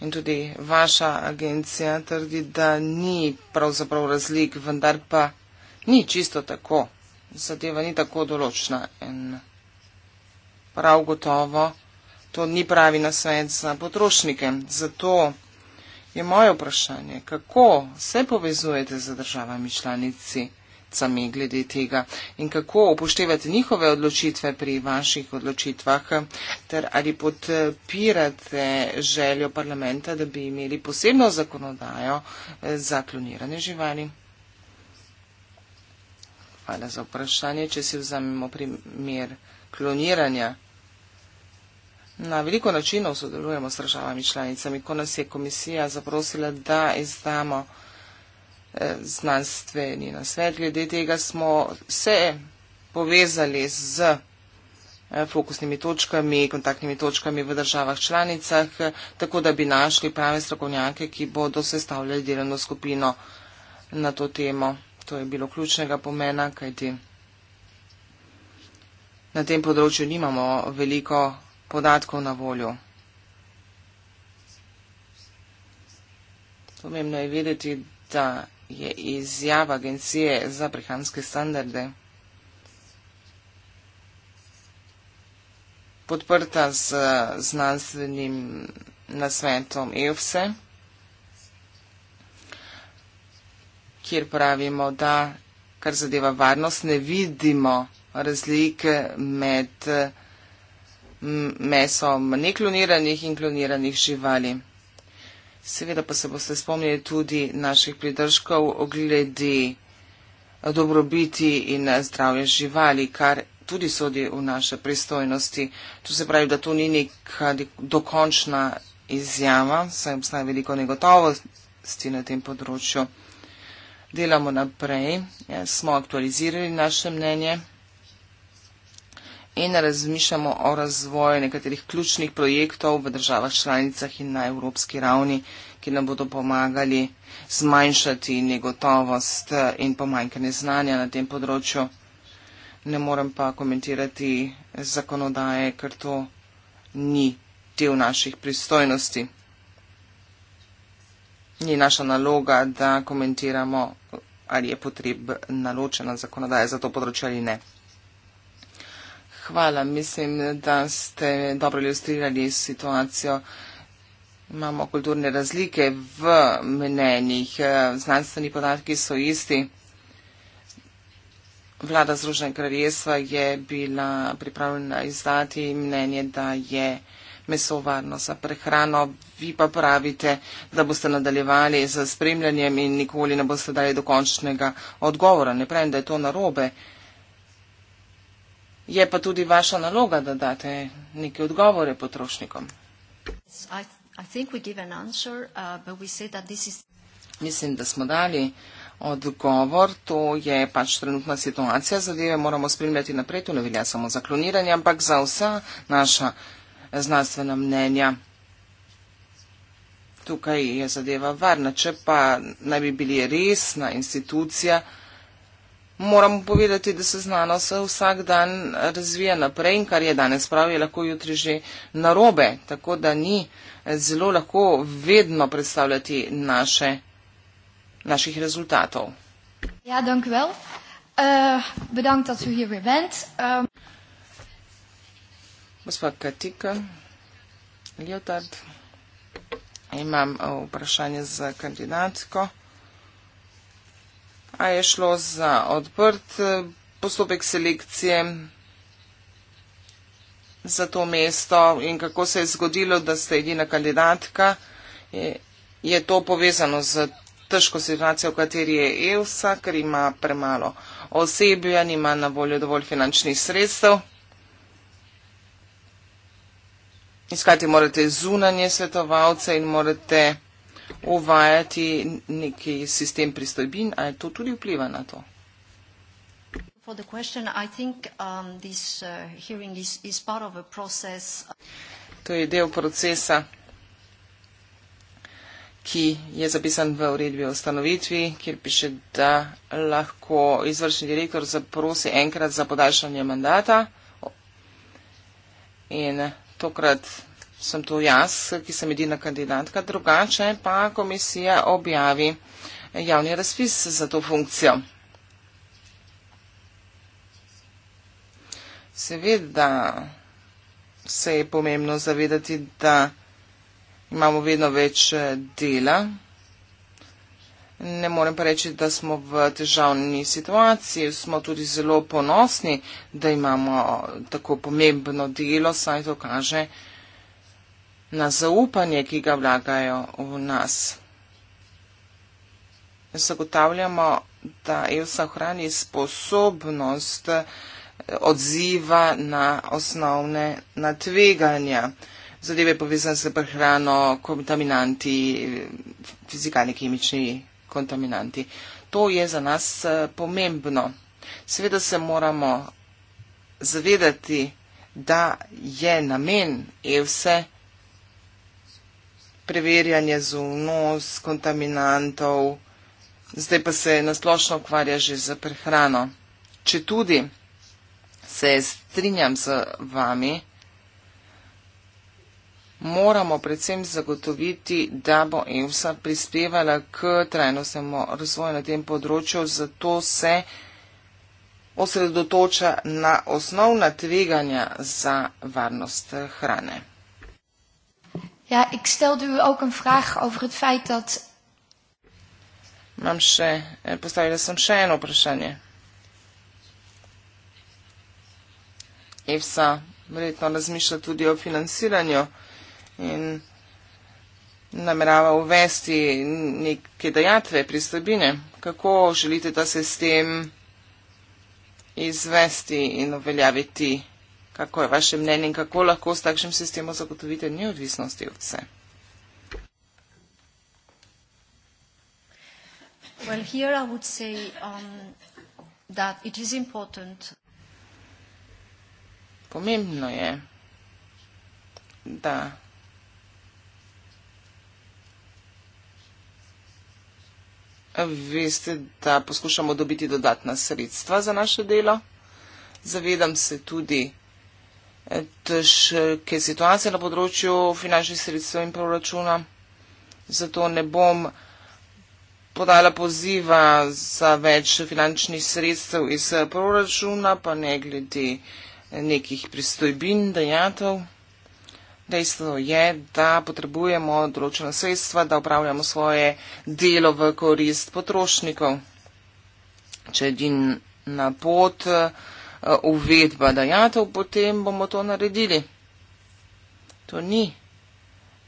In tudi vaša agencija trdi, da ni pravzaprav razlik, vendar pa ni čisto tako. Zadeva ni tako določna. In prav gotovo to ni pravi nasvet za potrošnike. Zato je moje vprašanje, kako se povezujete z državami članici? sami glede tega in kako upoštevate njihove odločitve pri vaših odločitvah ter ali podpirate željo parlamenta, da bi imeli posebno zakonodajo eh, za klonirane živali. Hvala za vprašanje, če si vzamemo primer kloniranja. Na veliko načinov sodelujemo s državami članicami. Ko nas je komisija zaprosila, da izdamo eh, znanstveni nasvet, glede tega smo se povezali z eh, fokusnimi točkami, kontaktnimi točkami v državah članicah, eh, tako da bi našli prave strokovnjake, ki bodo sestavljali delovno skupino na to temo. To je bilo ključnega pomena, kajti na tem področju nimamo veliko podatkov na voljo. Pomembno je vedeti, da je izjava Agencije za prehranske standarde podprta z znanstvenim nasvetom EFSE, e, kjer pravimo, da kar zadeva varnost, ne vidimo razlike med uh, meso nekloniranih in kloniranih živali. Seveda pa se boste spomnili tudi naših pridržkov glede dobrobiti in zdravja živali, kar tudi sodi v naše pristojnosti. To se pravi, da to ni neka dokončna izjava, saj obstaja veliko negotovosti na tem področju. Delamo naprej, ja, smo aktualizirali naše mnenje in razmišljamo o razvoju nekaterih ključnih projektov v državah članicah in na evropski ravni, ki nam bodo pomagali zmanjšati negotovost eh, in pomanjkanje znanja na tem področju. Ne morem pa komentirati zakonodaje, ker to ni del naših pristojnosti. Ni naša naloga, da komentiramo, ali je potrebna ločena zakonodaja za to področje ali ne hvala. Mislim, da ste dobro ilustrirali situacijo. Imamo kulturne razlike v mnenjih. Eh, znanstveni podatki so isti. Vlada Združenega kraljestva je bila pripravljena izdati mnenje, da je meso varno za prehrano. Vi pa pravite, da boste nadaljevali z spremljanjem in nikoli ne boste dali dokončnega odgovora. Ne pravim, da je to narobe. Je pa tudi vaša naloga, da date neke odgovore potrošnikom. Uh, Mislim, da smo dali odgovor. To je pač trenutna situacija. Zadeve moramo spremljati naprej. To ne velja samo za kloniranje, ampak za vsa naša znanstvena mnenja. Tukaj je zadeva varna. Če pa naj bi bili resna institucija, moramo povedati, da se znanost vsak dan razvija naprej in kar je danes prav, je lahko jutri že narobe, tako da ni zelo lahko vedno predstavljati naše, naših rezultatov. Ja, dankjewel. Uh, eh, bedankt dat u hier weer bent. Ehm, Gospa um... Katika, Ljotard, imam eh, vprašanje za kandidatko a je šlo za odprt eh, postopek selekcije za to mesto in kako se je zgodilo, da ste edina kandidatka. Je to povezano z težko situacijo, v kateri je EUSA, ker ima premalo osebja, nima na voljo dovolj finančnih sredstev. Iskati morate zunanje svetovalce in morate uvajati neki sistem pristojbin, ali to tudi vpliva na to? Um, uh, to je del procesa, ki je zapisan v uredbi o ustanovitvi, kjer piše, da lahko izvršni direktor zaprosi enkrat za podaljšanje mandata. In tokrat sem tu jaz, ki sem edina kandidatka, drugače pa komisija objavi javni razpis za to funkcijo. Seveda se je pomembno zavedati, da imamo vedno več eh, dela. Ne morem pa reči, da smo v težavni situaciji. Smo tudi zelo ponosni, da imamo tako pomembno delo, saj to kaže, da imamo na zaupanje, ki ga vlagajo v nas. Zagotavljamo, da Elsa ohrani sposobnost eh, odziva na osnovne natveganja. Zadeve povezane s prehrano, kontaminanti, fizikalni, kemični kontaminanti. To je za nas eh, pomembno. Seveda se moramo zavedati, da je namen EVSE preverjanje zunos, kontaminantov, zdaj pa se nasplošno ukvarja že z prehrano. Če tudi se strinjam z vami, moramo predvsem zagotoviti, da bo EUSA prispevala k trajnostnemu razvoju na tem področju, zato se osredotoča na osnovna tveganja za varnost hrane. Ja, ik stelde u ook een vraag over het feit dat. Mam się, eh, postawiłem sobie jeszcze jedno proszenie. I wsa, wredno rozmyślę tudi o finansiraniu i namerava uvesti neke dajatwe, pristobine. Kako želite ta system izvesti in uveljaviti? Kako je vaše mnenje in kako lahko s takšnim sistemom zagotovite neodvisnosti od vse? Well, here I would say um, that it is important. Pomembno je, da veste, da poskušamo dobiti dodatna sredstva za naše delo. Zavedam se tudi, težke situacije na področju finančnih sredstev in proračuna. Zato ne bom podala poziva za več finančnih sredstev iz proračuna, pa ne glede nekih pristojbin, dejatov. Dejstvo je, da potrebujemo določena sredstva, da upravljamo svoje delo v korist potrošnikov. Če edina pot, uh, Eh, uvedba dajatev, potem bomo to naredili. To ni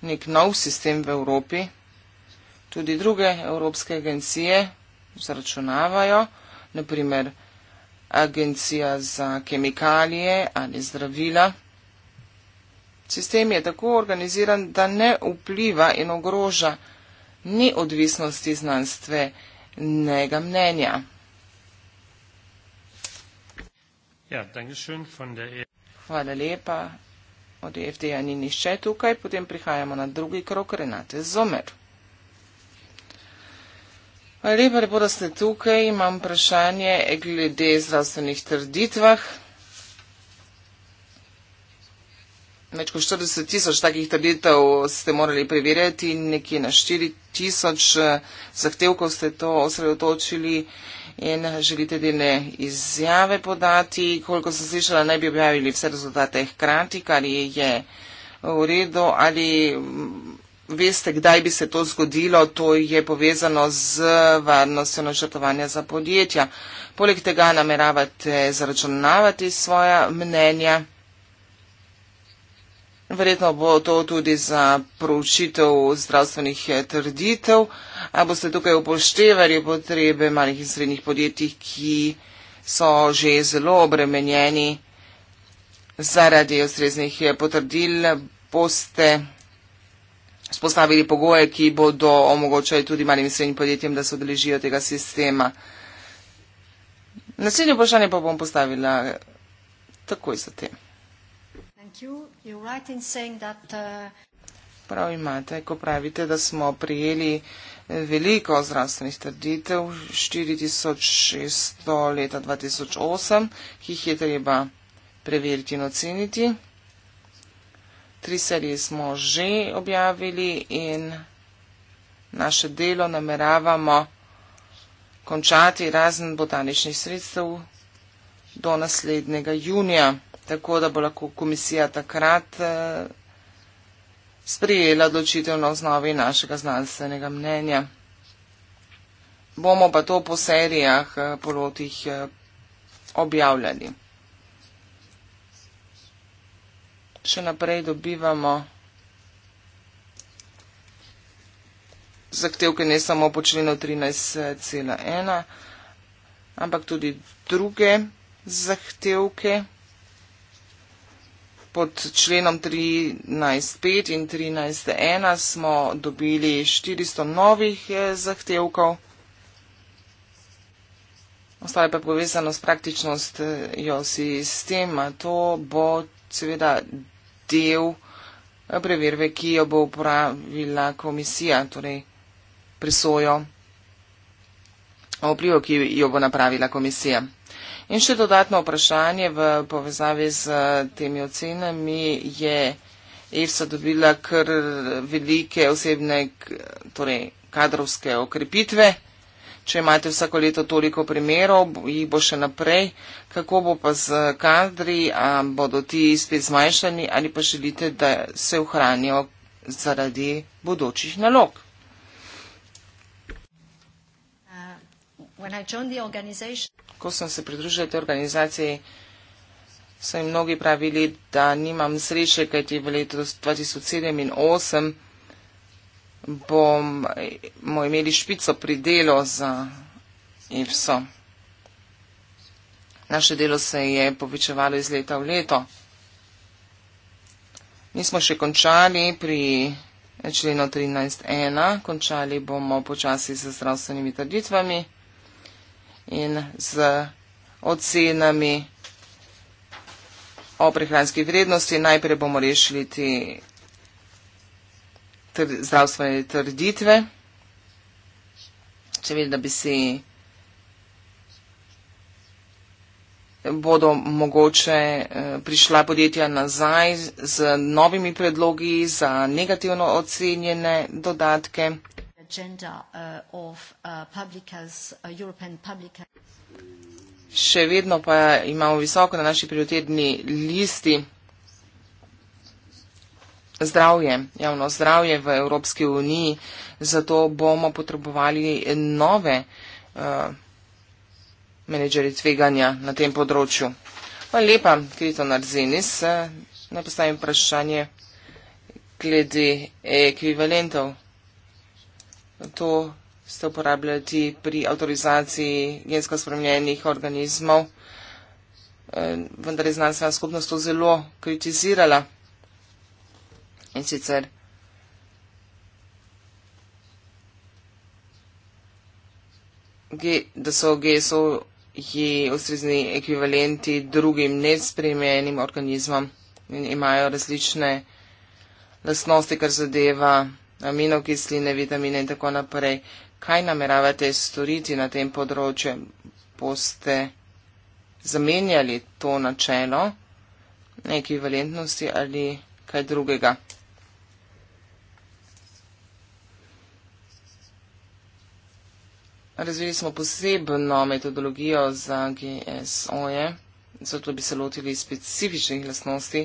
nek nov sistem v Evropi. Tudi druge evropske agencije zračunavajo, naprimer agencija za kemikalije ali zdravila. Sistem je tako organiziran, da ne vpliva in ogroža ni odvisnosti znanstvenega mnenja. Ja, dankeschön von der EFD. Hvala lepa. Od EFD-ja ni nišče tukaj. Potem prihajamo na drugi krok Renate Zomer. Hvala lepa, lepo, da ste tukaj. Imam vprašanje glede zdravstvenih trditvah. Več kot 40 tisoč takih trditev ste morali preverjati in nekje na 4 tisoč eh, zahtevkov ste to osredotočili in eh, želite delne izjave podati. Koliko sem slišala, naj bi objavili vse rezultate hkrati, kar je v redu. Ali mm, veste, kdaj bi se to zgodilo? To je povezano z varnostjo načrtovanja za podjetja. Poleg tega nameravate zaračunavati svoja mnenja. Verjetno bo to tudi za proučitev zdravstvenih trditev. A boste tukaj upoštevali potrebe malih in srednjih podjetij, ki so že zelo obremenjeni zaradi ustreznih potrdil? Boste spostavili pogoje, ki bodo omogočali tudi malim in srednjim podjetjem, da se odeležijo tega sistema? Naslednje vprašanje pa bom postavila takoj za tem. Uh, Prav imate, ko pravite, da smo prijeli veliko zdravstvenih trditev, 4600 leta 2008, ki jih je treba preveriti in oceniti. Tri serije smo že objavili in naše delo nameravamo končati razen botaničnih sredstev do naslednjega junija tako da bo lahko komisija takrat eh, sprijela odločitev na osnovi našega znanstvenega mnenja. Bomo pa to po serijah, eh, po lotih eh, objavljali. Še naprej dobivamo zahtevke ne samo po členu 13.1, ampak tudi druge zahtevke pod členom 13.5 in 13.1 smo dobili 400 novih eh, zahtevkov. Ostalo je pa povezano s praktičnost jo sistema. To bo seveda del eh, preverbe, ki jo bo uporabila komisija, torej presojo o vplivu, ki jo bo napravila komisija. In še dodatno vprašanje v povezavi z eh, temi ocenami je Irsa dobila kar velike osebne torej, kadrovske okrepitve. Če imate vsako leto toliko primerov, jih bo še naprej. Kako bo pa z kadri, bodo ti spet zmanjšani ali pa želite, da se ohranijo zaradi bodočih nalog? Ko sem se pridružila tej organizaciji, so mi mnogi pravili, da nimam sreče, kajti v letu 2007 in 2008 bomo imeli špico pri delu za IFSO. Naše delo se je povečevalo iz leta v leto. Mi smo še končali pri členu 13.1, končali bomo počasi z zdravstvenimi trditvami in z ocenami o prehranskih vrednosti. Najprej bomo rešili te tr zdravstvene trditve. Če vidim, da bi si bodo mogoče eh, prišla podjetja nazaj z novimi predlogi za negativno ocenjene dodatke agenda uh, of uh, public health, uh, European public health. Še vedno pa imamo visoko na naši prioritetni listi zdravje, javno zdravje v Evropski uniji, zato bomo potrebovali nove uh, menedžeri tveganja na tem področju. Hvala lepa, Krito Narzenis. Naj postavim vprašanje glede ekvivalentov to ste uporabljali pri avtorizaciji gensko spremenjenih organizmov, e, vendar je znanstvena skupnost to zelo kritizirala. In sicer da so GSO-ji ustrezni ekvivalenti drugim nespremenjenim organizmom in imajo različne lastnosti, kar zadeva aminokisline, vitamine in tako naprej. Kaj nameravate storiti na tem področju? Boste zamenjali to načelo ekvivalentnosti ali kaj drugega? Razvili smo posebno metodologijo za GSOE, zato bi se lotili specifičnih lasnosti,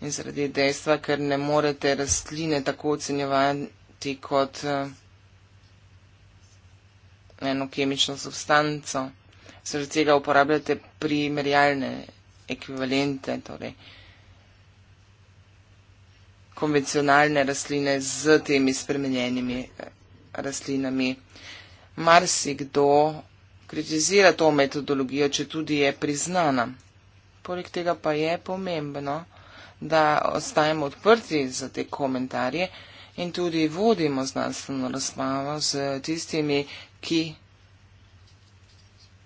in zaradi dejstva, ker ne morete rastline tako ocenjevati kot eh, eno kemično substanco. Zaradi tega uporabljate primerjalne ekvivalente, torej konvencionalne rastline z temi spremenjenimi eh, rastlinami. Marsikdo kritizira to metodologijo, če tudi je priznana. Poleg tega pa je pomembno, da ostajamo odprti za te komentarje in tudi vodimo znanstveno razpravo z tistimi, ki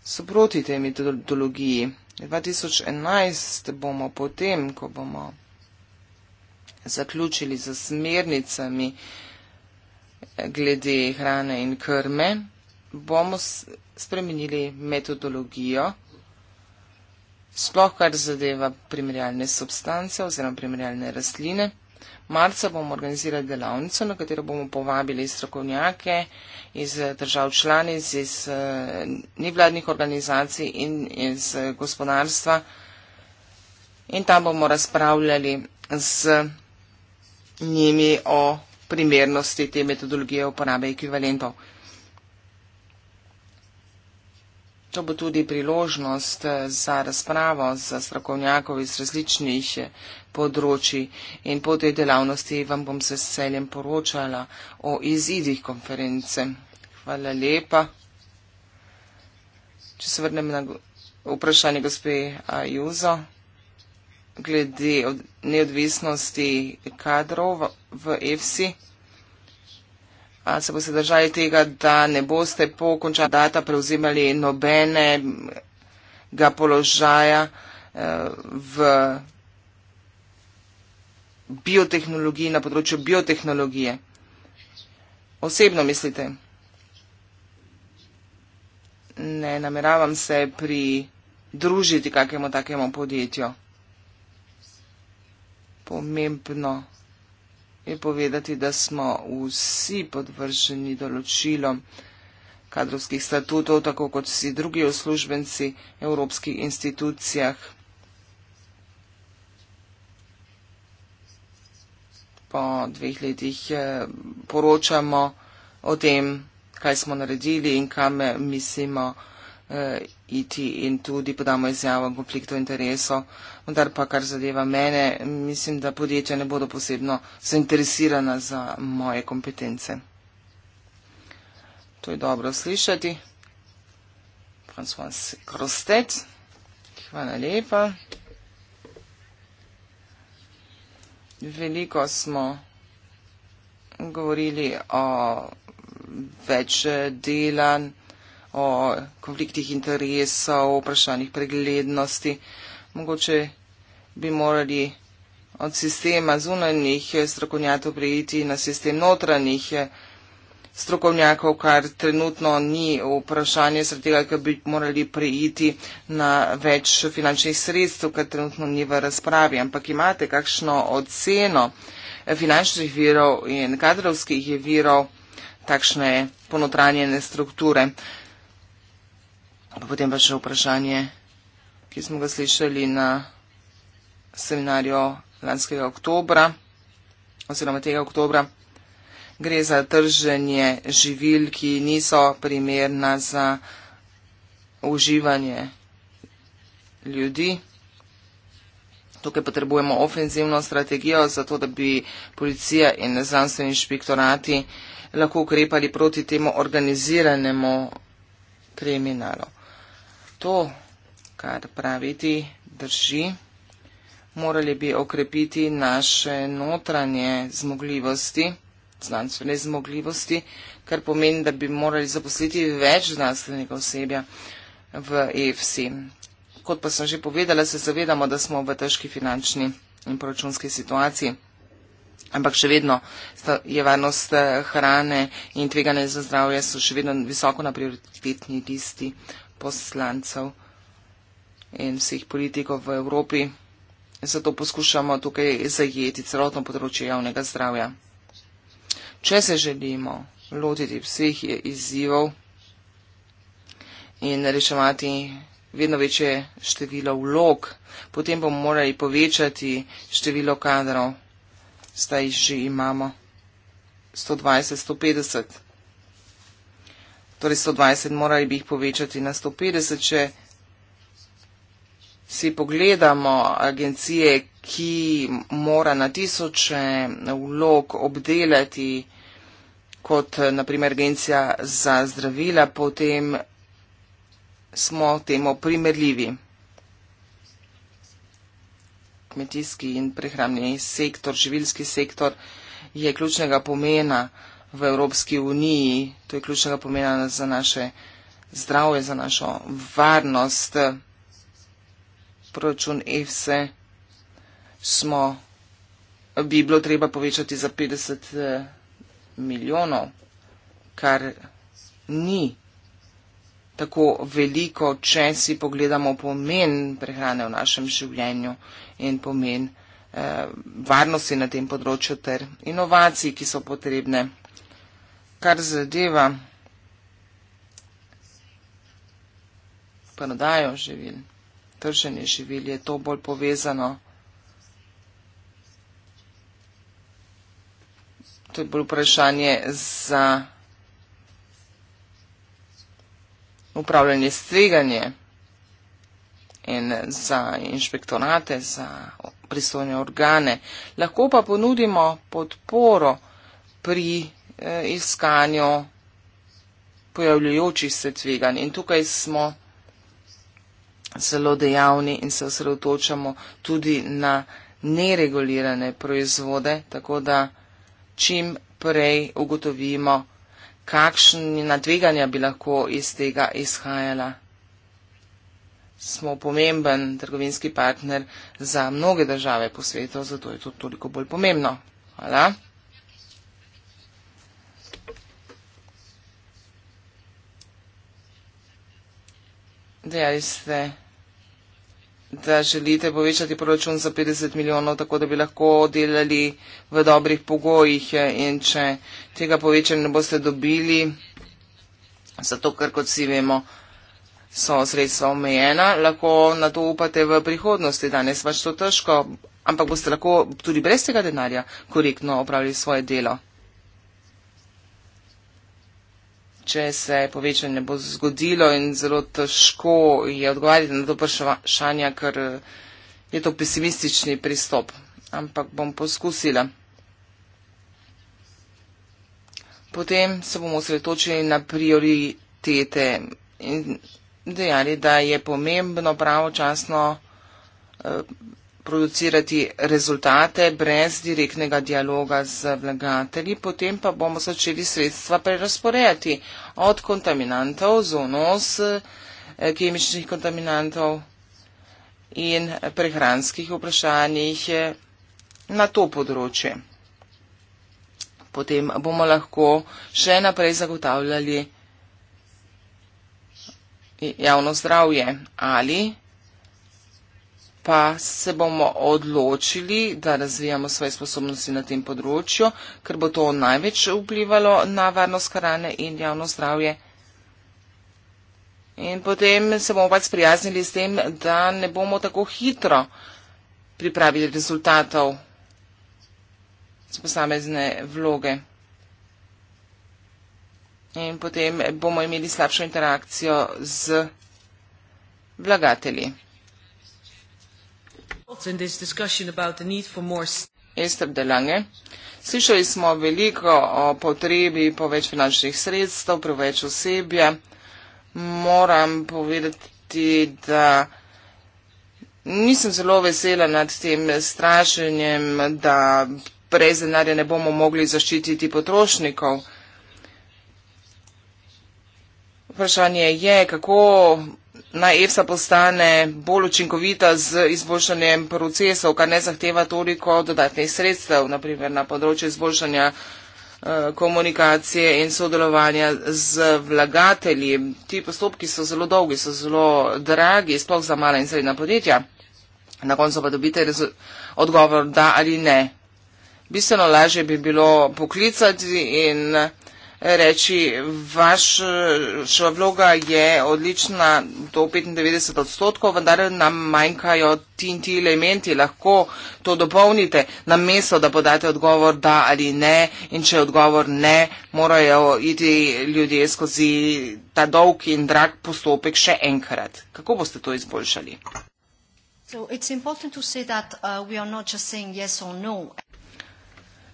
so proti tej metodologiji. 2011 bomo potem, ko bomo zaključili z smernicami glede hrane in krme, bomo spremenili metodologijo sploh kar zadeva primerjalne substance oziroma primerjalne rastline. Marca bomo organizirali delavnico, na katero bomo povabili strokovnjake iz držav članic, iz eh, nevladnih organizacij in iz eh, gospodarstva. In tam bomo razpravljali z njimi o primernosti te metodologije uporabe ekvivalentov. To bo tudi priložnost eh, za razpravo z strokovnjakov iz različnih eh, področji in po tej delavnosti vam bom se seljem poročala o izidih konference. Hvala lepa. Če se vrnem na vprašanje gospe Ajuzo, glede neodvisnosti kadrov v EFSI se boste držali tega, da ne boste po končanju mandata prevzimali nobenega položaja eh, v biotehnologiji, na področju biotehnologije. Osebno mislite? Ne nameravam se pridružiti kakemu takemu podjetju. Pomembno in povedati, da smo vsi podvrženi določilom kadrovskih statutov, tako kot vsi drugi uslužbenci v evropskih institucijah. Po dveh letih eh, poročamo o tem, kaj smo naredili in kam eh, mislimo eh, iti in tudi podamo izjavo o konfliktu interesov vendar pa kar zadeva mene, mislim, da podjetja ne bodo posebno zainteresirana za moje kompetence. To je dobro slišati. François Krostet, hvala lepa. Veliko smo govorili o več delan, o konfliktih interesov, o vprašanjih preglednosti mogoče bi morali od sistema zunanjih strokovnjakov prejiti na sistem notranjih strokovnjakov, kar trenutno ni vprašanje, zaradi tega, ker bi morali prejiti na več finančnih sredstev, kar trenutno ni v razpravi. Ampak imate kakšno oceno finančnih virov in kadrovskih virov takšne ponotranjene strukture? Potem pa še vprašanje ki smo ga slišali na seminarju lanskega oktobra oziroma tega oktobra. Gre za trženje živil, ki niso primerna za uživanje ljudi. Tukaj potrebujemo ofenzivno strategijo, zato da bi policija in znanstveni inšpektorati lahko ukrepali proti temu organiziranemu kriminalu. To kar praviti, drži. Morali bi okrepiti naše notranje zmogljivosti, znanstvene zmogljivosti, kar pomeni, da bi morali zaposliti več znanstvenega osebja v EFC. Kot pa sem že povedala, se zavedamo, da smo v težki finančni in proračunski situaciji. Ampak še vedno je varnost eh, hrane in tveganje za zdravje so še vedno visoko na prioritetni listi poslancev in vseh politikov v Evropi. Zato poskušamo tukaj zajeti celotno področje javnega zdravja. Če se želimo lotiti vseh izzivov in reševati vedno večje število vlog, potem bomo morali povečati število kadrov. Zdaj jih že imamo 120, 150. Torej 120 morali bi jih povečati na 150, če si pogledamo agencije, ki mora na tisoče vlog obdelati, kot naprimer agencija za zdravila, potem smo temu primerljivi. Kmetijski in prehrambni sektor, živilski sektor je ključnega pomena v Evropski uniji, to je ključnega pomena za naše zdravje, za našo varnost proračun EFSE smo, bi bilo treba povečati za 50 eh, milijonov, kar ni tako veliko, če si pogledamo pomen prehrane v našem življenju in pomen eh, varnosti na tem področju ter inovacij, ki so potrebne. Kar zadeva, pa nadajo živim trženje živil, je to bolj povezano. To je bolj vprašanje za upravljanje streganje in za inšpektorate, za pristojne organe. Lahko pa ponudimo podporo pri eh, iskanju pojavljajočih se tveganj. In tukaj smo zelo dejavni in se osredotočamo tudi na neregulirane proizvode, tako da čim prej ugotovimo, kakšna tveganja bi lahko iz tega izhajala. Smo pomemben trgovinski partner za mnoge države po svetu, zato je to toliko bolj pomembno. Hvala. Dejali ste, da želite povečati proračun za 50 milijonov, tako da bi lahko delali v dobrih pogojih eh, in če tega povečanja ne boste dobili, zato ker, kot vsi vemo, so sredstva omejena, lahko na to upate v prihodnosti. Danes pač to težko, ampak boste lahko tudi brez tega denarja korektno opravili svoje delo. če se povečanje ne bo zgodilo in zelo težko je odgovarjati na to vprašanje, ker je to pesimistični pristop. Ampak bom poskusila. Potem se bomo osredotočili na prioritete in dejali, da je pomembno pravočasno. Uh, producirati rezultate brez direktnega dialoga z vlagatelji, potem pa bomo začeli sredstva prerasporejati od kontaminantov, zonos, eh, kemičnih kontaminantov in prehranskih vprašanjih eh, na to področje. Potem bomo lahko še naprej zagotavljali javno zdravje ali pa se bomo odločili, da razvijamo svoje sposobnosti na tem področju, ker bo to največ vplivalo na varnost hrane in javno zdravje. In potem se bomo pač sprijaznili s tem, da ne bomo tako hitro pripravili rezultatov z posamezne vloge. In potem bomo imeli slabšo interakcijo z vlagatelji. Ester Delange. Slišali smo veliko o potrebi po več finančnih sredstev, preveč osebja. Moram povedati, da nisem zelo vesela nad tem strašenjem, da brez denarja ne bomo mogli zaščititi potrošnikov. Vprašanje je, kako naj EFSA postane bolj učinkovita z izboljšanjem procesov, kar ne zahteva toliko dodatnih sredstev, naprimer na področju izboljšanja eh, komunikacije in sodelovanja z vlagatelji. Ti postopki so zelo dolgi, so zelo dragi, sploh za mala in srednja podjetja. Na koncu pa dobite odgovor da ali ne. Bistveno lažje bi bilo poklicati in reči, vaša vloga je odlična do 95 odstotkov, vendar nam manjkajo ti elementi, lahko to dopolnite na mesto, da podate odgovor da ali ne in če je odgovor ne, morajo iti ljudje skozi ta dolg in drag postopek še enkrat. Kako boste to izboljšali? So it's important to say that uh, we are not just saying yes or no.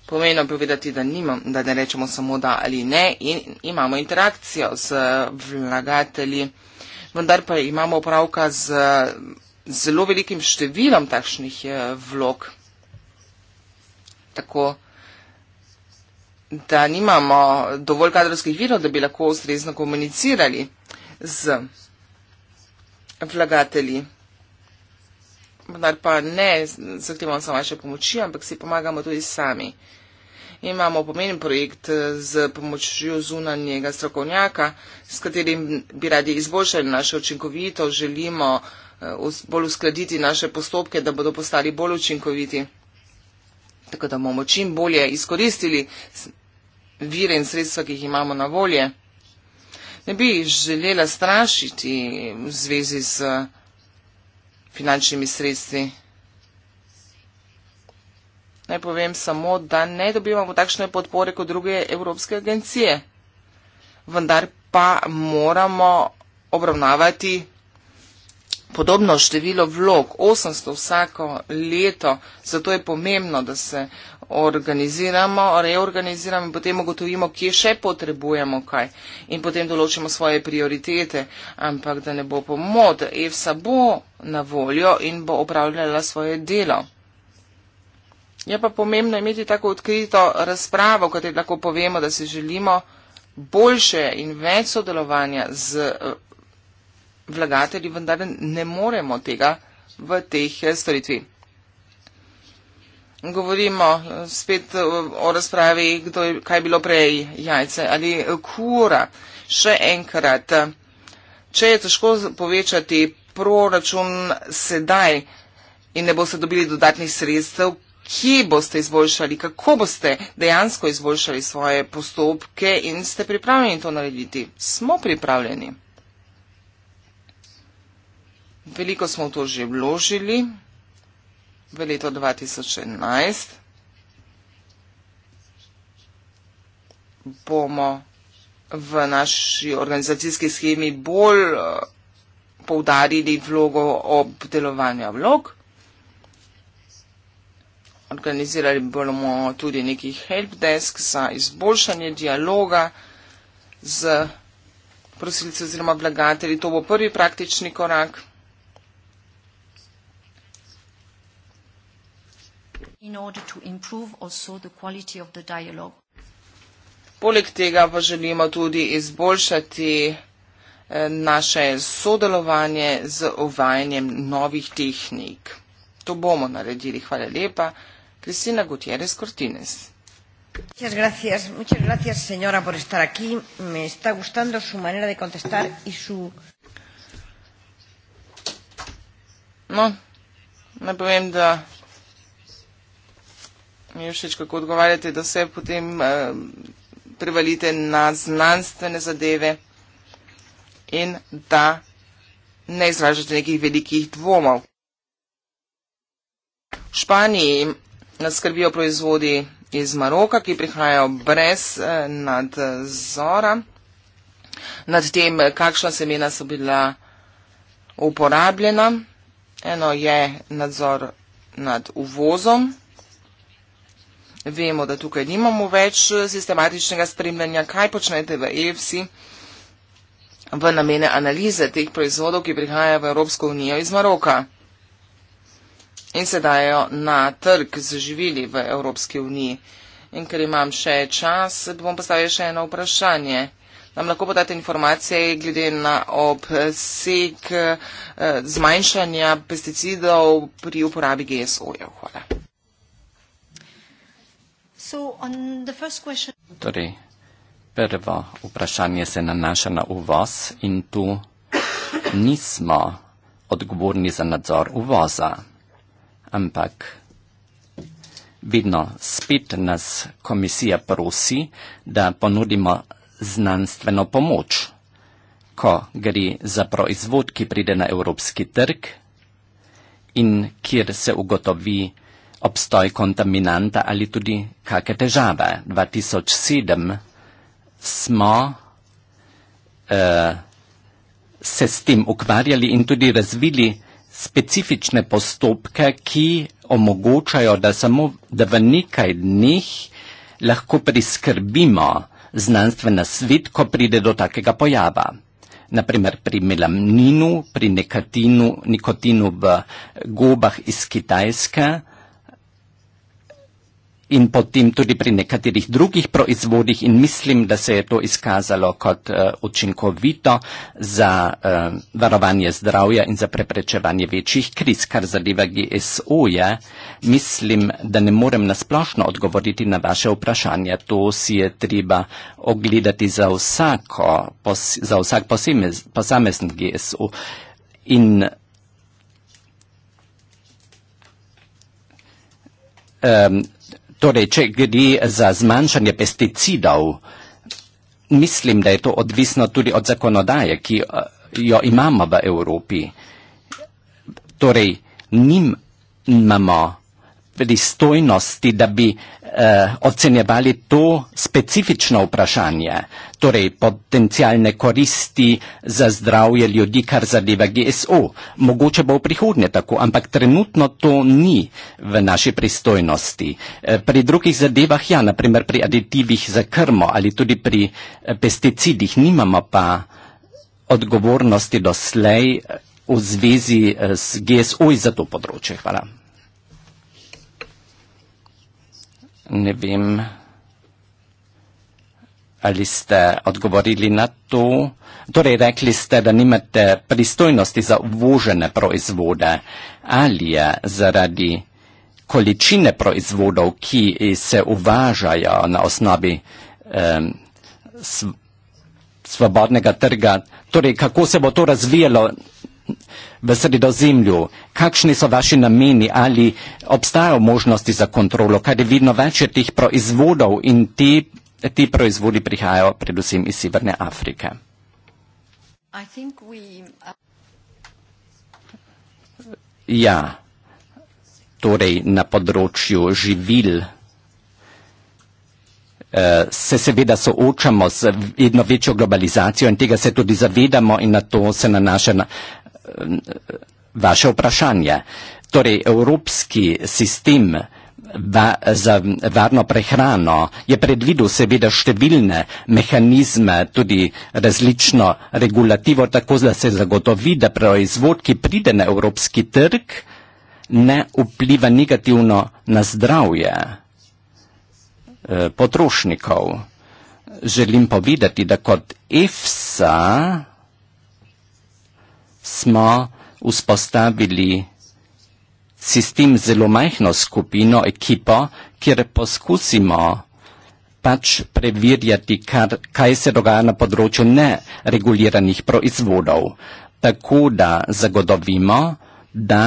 Pomembno je povedati, da, nimam, da ne rečemo samo da ali ne in imamo interakcijo z vlagatelji, vendar pa imamo opravka z zelo velikim številom takšnih eh, vlog. Tako da nimamo dovolj kadrovskih virov, da bi lahko ustrezno komunicirali z vlagatelji. Vendar pa ne zahtevamo samo vaše pomoči, ampak si pomagamo tudi sami imamo pomemben projekt eh, z pomočjo zunanjega strokovnjaka, s katerim bi radi izboljšali naše učinkovito, želimo eh, bolj uskladiti naše postopke, da bodo postali bolj učinkoviti, tako da bomo čim bolje izkoristili vire in sredstva, ki jih imamo na volje. Ne bi želela strašiti v zvezi z finančnimi sredstvi. Naj povem samo, da ne dobivamo takšne podpore kot druge evropske agencije. Vendar pa moramo obravnavati podobno število vlog, 800 vsako leto. Zato je pomembno, da se organiziramo, reorganiziramo in potem ugotovimo, kje še potrebujemo kaj. In potem določimo svoje prioritete. Ampak da ne bo pomod, EFSA bo na voljo in bo opravljala svoje delo. Je pa pomembno imeti tako odkrito razpravo, kot je lahko povemo, da si želimo boljše in več sodelovanja z eh, vlagatelji, vendar ne moremo tega v teh eh, storitvi. Govorimo eh, spet o razpravi, kdo je, kaj je bilo prej, jajce ali kura. Še enkrat, če je težko povečati proračun sedaj in ne boste dobili dodatnih sredstev, kje boste izboljšali, kako boste dejansko izboljšali svoje postopke in ste pripravljeni to narediti. Smo pripravljeni. Veliko smo v to že vložili v leto 2011. Bomo v naši organizacijski schemi bolj eh, poudarili vlogo obdelovanja vlog organizirali bomo tudi neki helpdesk za izboljšanje dialoga z prosilci oziroma vlagatelji. To bo prvi praktični korak. In order to improve also the quality of the dialogue. Poleg tega pa želimo tudi izboljšati eh, naše sodelovanje z uvajanjem novih tehnik. To bomo naredili. Hvala lepa. Cristina Gutiérrez Cortines. Muchas gracias, muchas gracias señora por estar aquí. Me está gustando su manera de contestar y su. No, ne povem, da mi je všeč, kako odgovarjate, da se potem eh, prevalite na znanstvene zadeve in da ne izražate nekih velikih dvomov. V Španiji nas skrbijo proizvodi iz Maroka, ki prihajajo brez eh, nadzora nad tem, kakšna semena so bila uporabljena. Eno je nadzor nad uvozom. Vemo, da tukaj nimamo več eh, sistematičnega spremljanja, kaj počnete v EFSI v namene analize teh proizvodov, ki prihajajo v Evropsko unijo iz Maroka in se dajo na trg z živili v Evropski uniji. In ker imam še čas, bom postavil še eno vprašanje. Nam lahko podate informacije glede na obseg eh, zmanjšanja pesticidov pri uporabi GSO-jev. Hvala. Torej, prvo vprašanje se nanaša na uvoz in tu nismo odgovorni za nadzor uvoza ampak vidno spet nas komisija prosi, da ponudimo znanstveno pomoč, ko gre za proizvod, ki pride na evropski trg in kjer se ugotovi obstoj kontaminanta ali tudi kakšne težave. 2007 smo uh, se s tem ukvarjali in tudi razvili specifične postopke, ki omogočajo, da samo da v nekaj dneh lahko priskrbimo znanstvena svet, ko pride do takega pojava. Naprimer pri melaminu, pri nekatinu, nikotinu v gobah iz Kitajske in potem tudi pri nekaterih drugih proizvodih in mislim, da se je to izkazalo kot uh, učinkovito za uh, varovanje zdravja in za preprečevanje večjih kriz, kar zadeva GSO je. Mislim, da ne morem nasplošno odgovoriti na vaše vprašanje. To si je treba ogledati za, vsako, pos, za vsak posamezen GSO. In, um, Torej, če gre za zmanjšanje pesticidov, mislim, da je to odvisno tudi od zakonodaje, ki eh, jo imamo v Evropi. Torej, nimamo nim pristojnosti, da bi eh, ocenjevali to specifično vprašanje, torej potencijalne koristi za zdravje ljudi, kar zadeva GSO. Mogoče bo v prihodnje tako, ampak trenutno to ni v naši pristojnosti. Eh, pri drugih zadevah, ja, naprimer pri aditivih za krmo ali tudi pri eh, pesticidih, nimamo pa odgovornosti doslej eh, v zvezi eh, z GSO in za to področje. Hvala. ne vem, ali ste odgovorili na to. Torej, rekli ste, da nimate pristojnosti za uvožene proizvode. Ali je zaradi količine proizvodov, ki se uvažajo na osnovi um, svobodnega trga, torej kako se bo to razvijalo, v sredozemlju. Kakšni so vaši nameni ali obstajajo možnosti za kontrolo, kaj je vidno več teh proizvodov in ti, ti proizvodi prihajajo predvsem iz Severne Afrike? Uh, ja, torej na področju živil eh, se seveda soočamo z vedno večjo globalizacijo in tega se tudi zavedamo in na to se nanaša na, vaše vprašanje. Torej, evropski sistem va, za varno prehrano je predvidel seveda številne mehanizme, tudi različno regulativo, tako da se zagotovi, da proizvod, ki pride na evropski trg, ne vpliva negativno na zdravje eh, potrošnikov. Želim povedati, da kot EFSA smo vzpostavili sistem zelo majhno skupino, ekipo, kjer poskusimo pač preverjati, kar, kaj se dogaja na področju nereguliranih proizvodov, tako da zagotovimo, da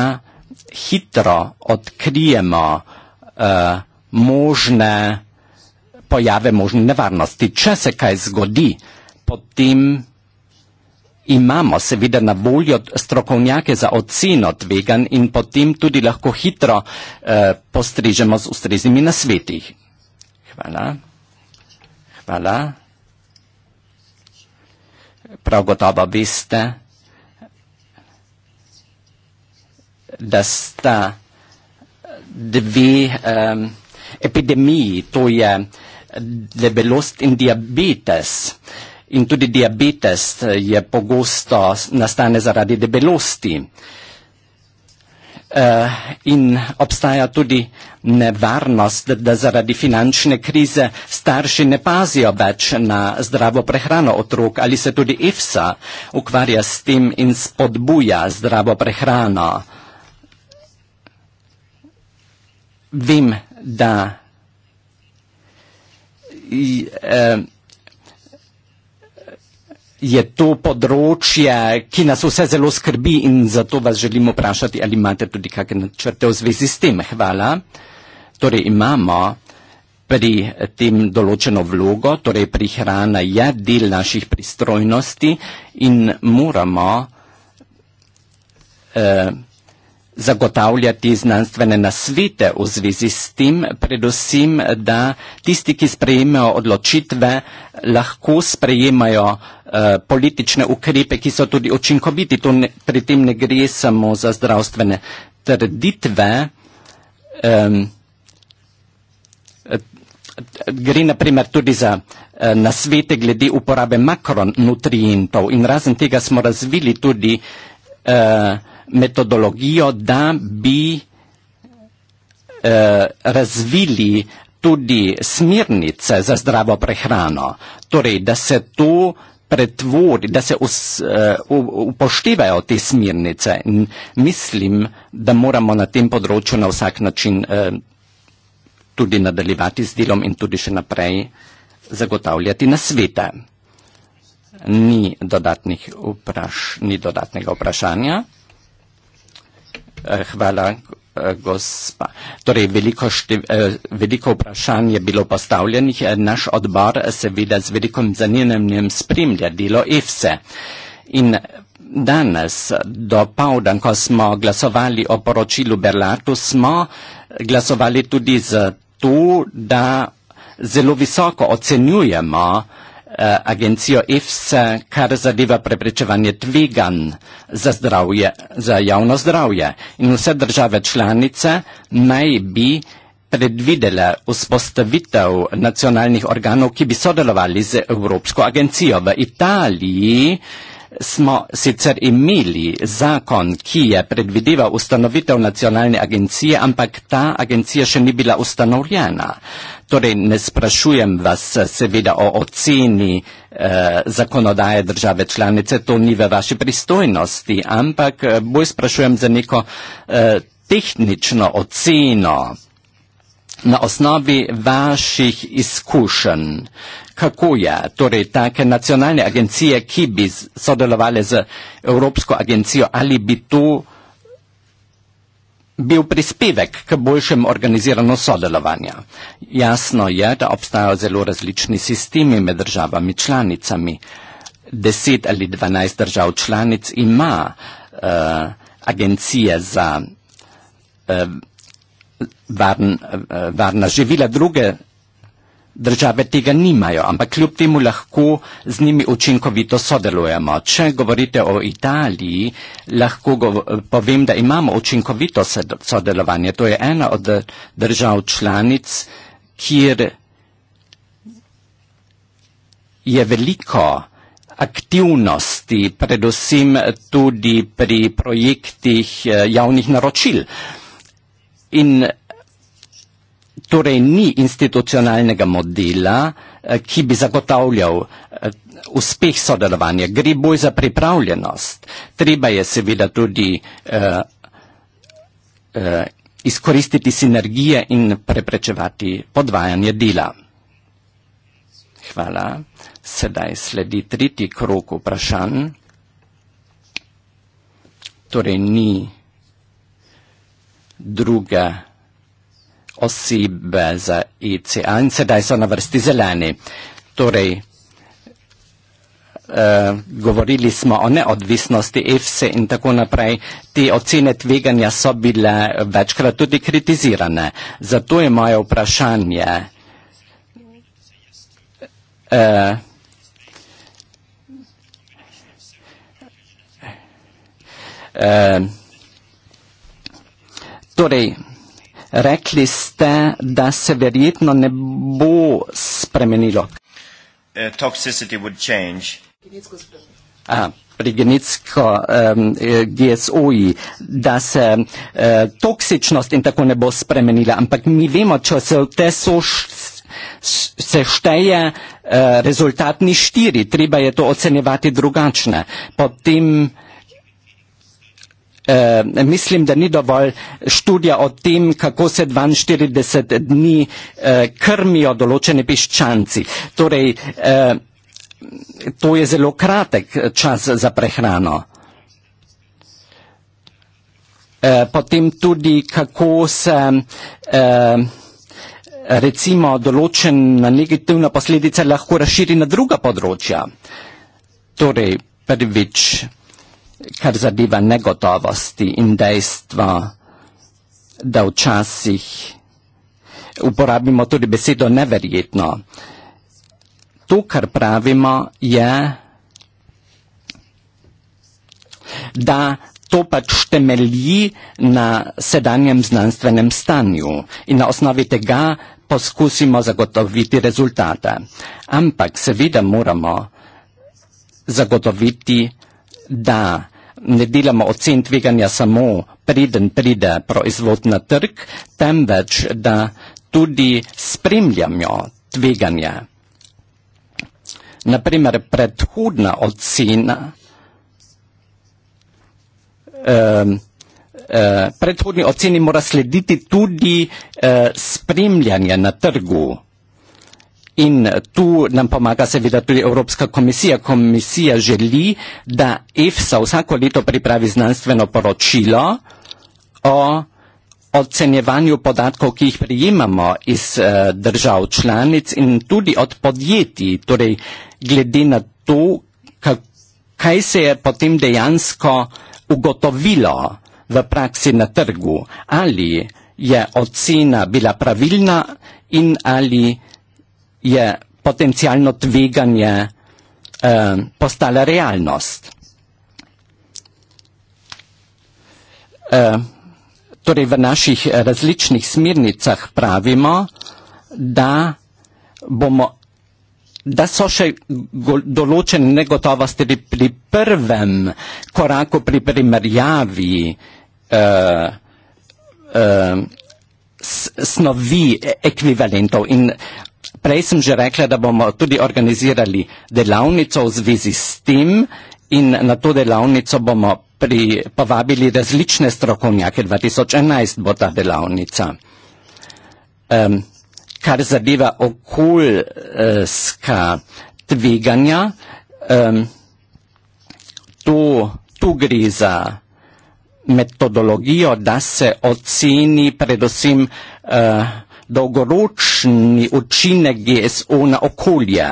hitro odkrijemo uh, možne pojave, možne nevarnosti. Če se kaj zgodi, potem Imamo seveda na voljo strokovnjake za oceno tvegan in potem tudi lahko hitro eh, postrižemo z ustreznimi nasveti. Hvala. Hvala. Prav gotovo veste, da sta dve eh, epidemiji, to je debelost in diabetes. Eh, in tudi diabetes eh, je pogosto nastane zaradi debelosti. Eh, in obstaja tudi nevarnost, da zaradi finančne krize starši ne pazijo več na zdravo prehrano otrok ali se tudi IFSA ukvarja s tem in spodbuja zdravo prehrano. Vem, da eh, je to področje, ki nas vse zelo skrbi in zato vas želim vprašati, ali imate tudi kakšne načrte v zvezi s tem. Hvala. Torej imamo pri tem določeno vlogo, torej prihrana je del naših pristrojnosti in moramo eh, zagotavljati znanstvene nasvete v zvezi s tem, predvsem, da tisti, ki sprejemajo odločitve, lahko sprejemajo Eh, politične ukrepe, ki so tudi očinkoviti. Ne, pri tem ne gre samo za zdravstvene trditve. Um, gre naprimer tudi za uh, nasvete glede uporabe makronutrientov in razen tega smo razvili tudi uh, metodologijo, da bi uh, razvili tudi smernice za zdravo prehrano. Torej, da se to uh, pretvori, da se us, uh, upoštevajo te smirnice. In mislim, da moramo na tem področju na vsak način uh, tudi nadaljevati z delom in tudi še naprej zagotavljati na svete. Ni, dodatnih vpraš, ni dodatnega vprašanja. Uh, hvala. Eh, gospa. Torej, veliko, štev, eh, veliko vprašanj je bilo postavljenih. Eh, naš odbor seveda z velikom zanimanjem spremlja delo IFSE. In danes, do povdan, ko smo glasovali o poročilu Berlatu, smo glasovali tudi za to, da zelo visoko ocenjujemo uh, Eh, agencijo IFSA, kar zadeva preprečevanje tvegan za, zdravje, za javno zdravje. In vse države članice naj bi predvidele vzpostavitev nacionalnih organov, ki bi sodelovali z Evropsko agencijo. V Italiji smo sicer imeli zakon, ki je predvideval ustanovitev nacionalne agencije, ampak ta agencija še ni bila ustanovljena. Torej, ne sprašujem vas eh, seveda o oceni eh, zakonodaje države članice, to ni v vaši pristojnosti, ampak eh, bolj sprašujem za neko eh, tehnično oceno na osnovi vaših izkušenj. Kako je, torej, take nacionalne agencije, ki bi sodelovali z Evropsko agencijo, ali bi to bil prispevek k boljšemu organiziranju sodelovanja. Jasno je, da obstajajo zelo različni sistemi med državami članicami. Deset ali dvanajst držav članic ima uh, agencije za uh, varn, uh, varna živila, druge Države tega nimajo, ampak kljub temu lahko z njimi učinkovito sodelujemo. Če govorite o Italiji, lahko povem, da imamo učinkovito sodelovanje. To je ena od držav članic, kjer je veliko aktivnosti, predvsem tudi pri projektih eh, javnih naročil. In torej ni institucionalnega modela, eh, ki bi zagotavljal eh, uspeh sodelovanja. Gre boj za pripravljenost. Treba je seveda tudi eh, izkoristiti sinergije in preprečevati podvajanje dela. Hvala. Sedaj sledi tretji krok vprašanj. Torej ni druga vprašanja osebe za ECA in sedaj so na vrsti zeleni. Torej, eh, govorili smo o neodvisnosti EFSE in tako naprej. Te ocene tveganja so bile večkrat tudi kritizirane. Zato je moje vprašanje. Eh, Uh, torej, rekli ste, da se verjetno ne bo spremenilo. Uh, pri genetsko um, eh, GSO-ji, da se uh, toksičnost in tako ne bo spremenila, ampak mi vemo, če se v te soš se šteje uh, rezultatni štiri, treba je to ocenjevati drugačne. Potem uh, eh, mislim, da ni dovolj študija o tem, kako se 42 dni eh, krmijo določeni piščanci. Torej, eh, to je zelo kratek eh, čas za prehrano. Eh, potem tudi, kako se. Eh, recimo določena negativna posledica lahko razširi na druga področja. Torej, prvič kar zadeva negotovosti in dejstva, da včasih uporabimo tudi besedo neverjetno. To, kar pravimo, je, da to pač temelji na sedanjem znanstvenem stanju in na osnovi tega poskusimo zagotoviti rezultate. Ampak seveda moramo zagotoviti, da ne delamo ocen tveganja samo preden pride proizvod na trg, temveč da tudi spremljamo tveganje. Naprimer, predhodna ocena, eh, eh, predhodni oceni mora slediti tudi eh, spremljanje na trgu. In tu nam pomaga seveda tudi Evropska komisija. Komisija želi, da EFSA vsako leto pripravi znanstveno poročilo o ocenjevanju podatkov, ki jih prijemamo iz uh, držav članic in tudi od podjetij, torej glede na to, kaj se je potem dejansko ugotovilo v praksi na trgu, ali je ocena bila pravilna in ali je potencijalno tveganje eh, postala realnost. Eh, torej v naših različnih smirnicah pravimo, da, bomo, da so še določene negotovosti pri, pri prvem koraku pri primerjavi eh, eh, snovi e-, ekvivalentov in Prej sem že rekla, da bomo tudi organizirali delavnico v zvezi s tem in na to delavnico bomo pri, povabili različne strokovnjake. 2011 bo ta delavnica. Um, kar zadeva okoljska eh, tveganja, um, to, tu gre za metodologijo, da se oceni predvsem uh, dolgoročni učinek GSO na okolje.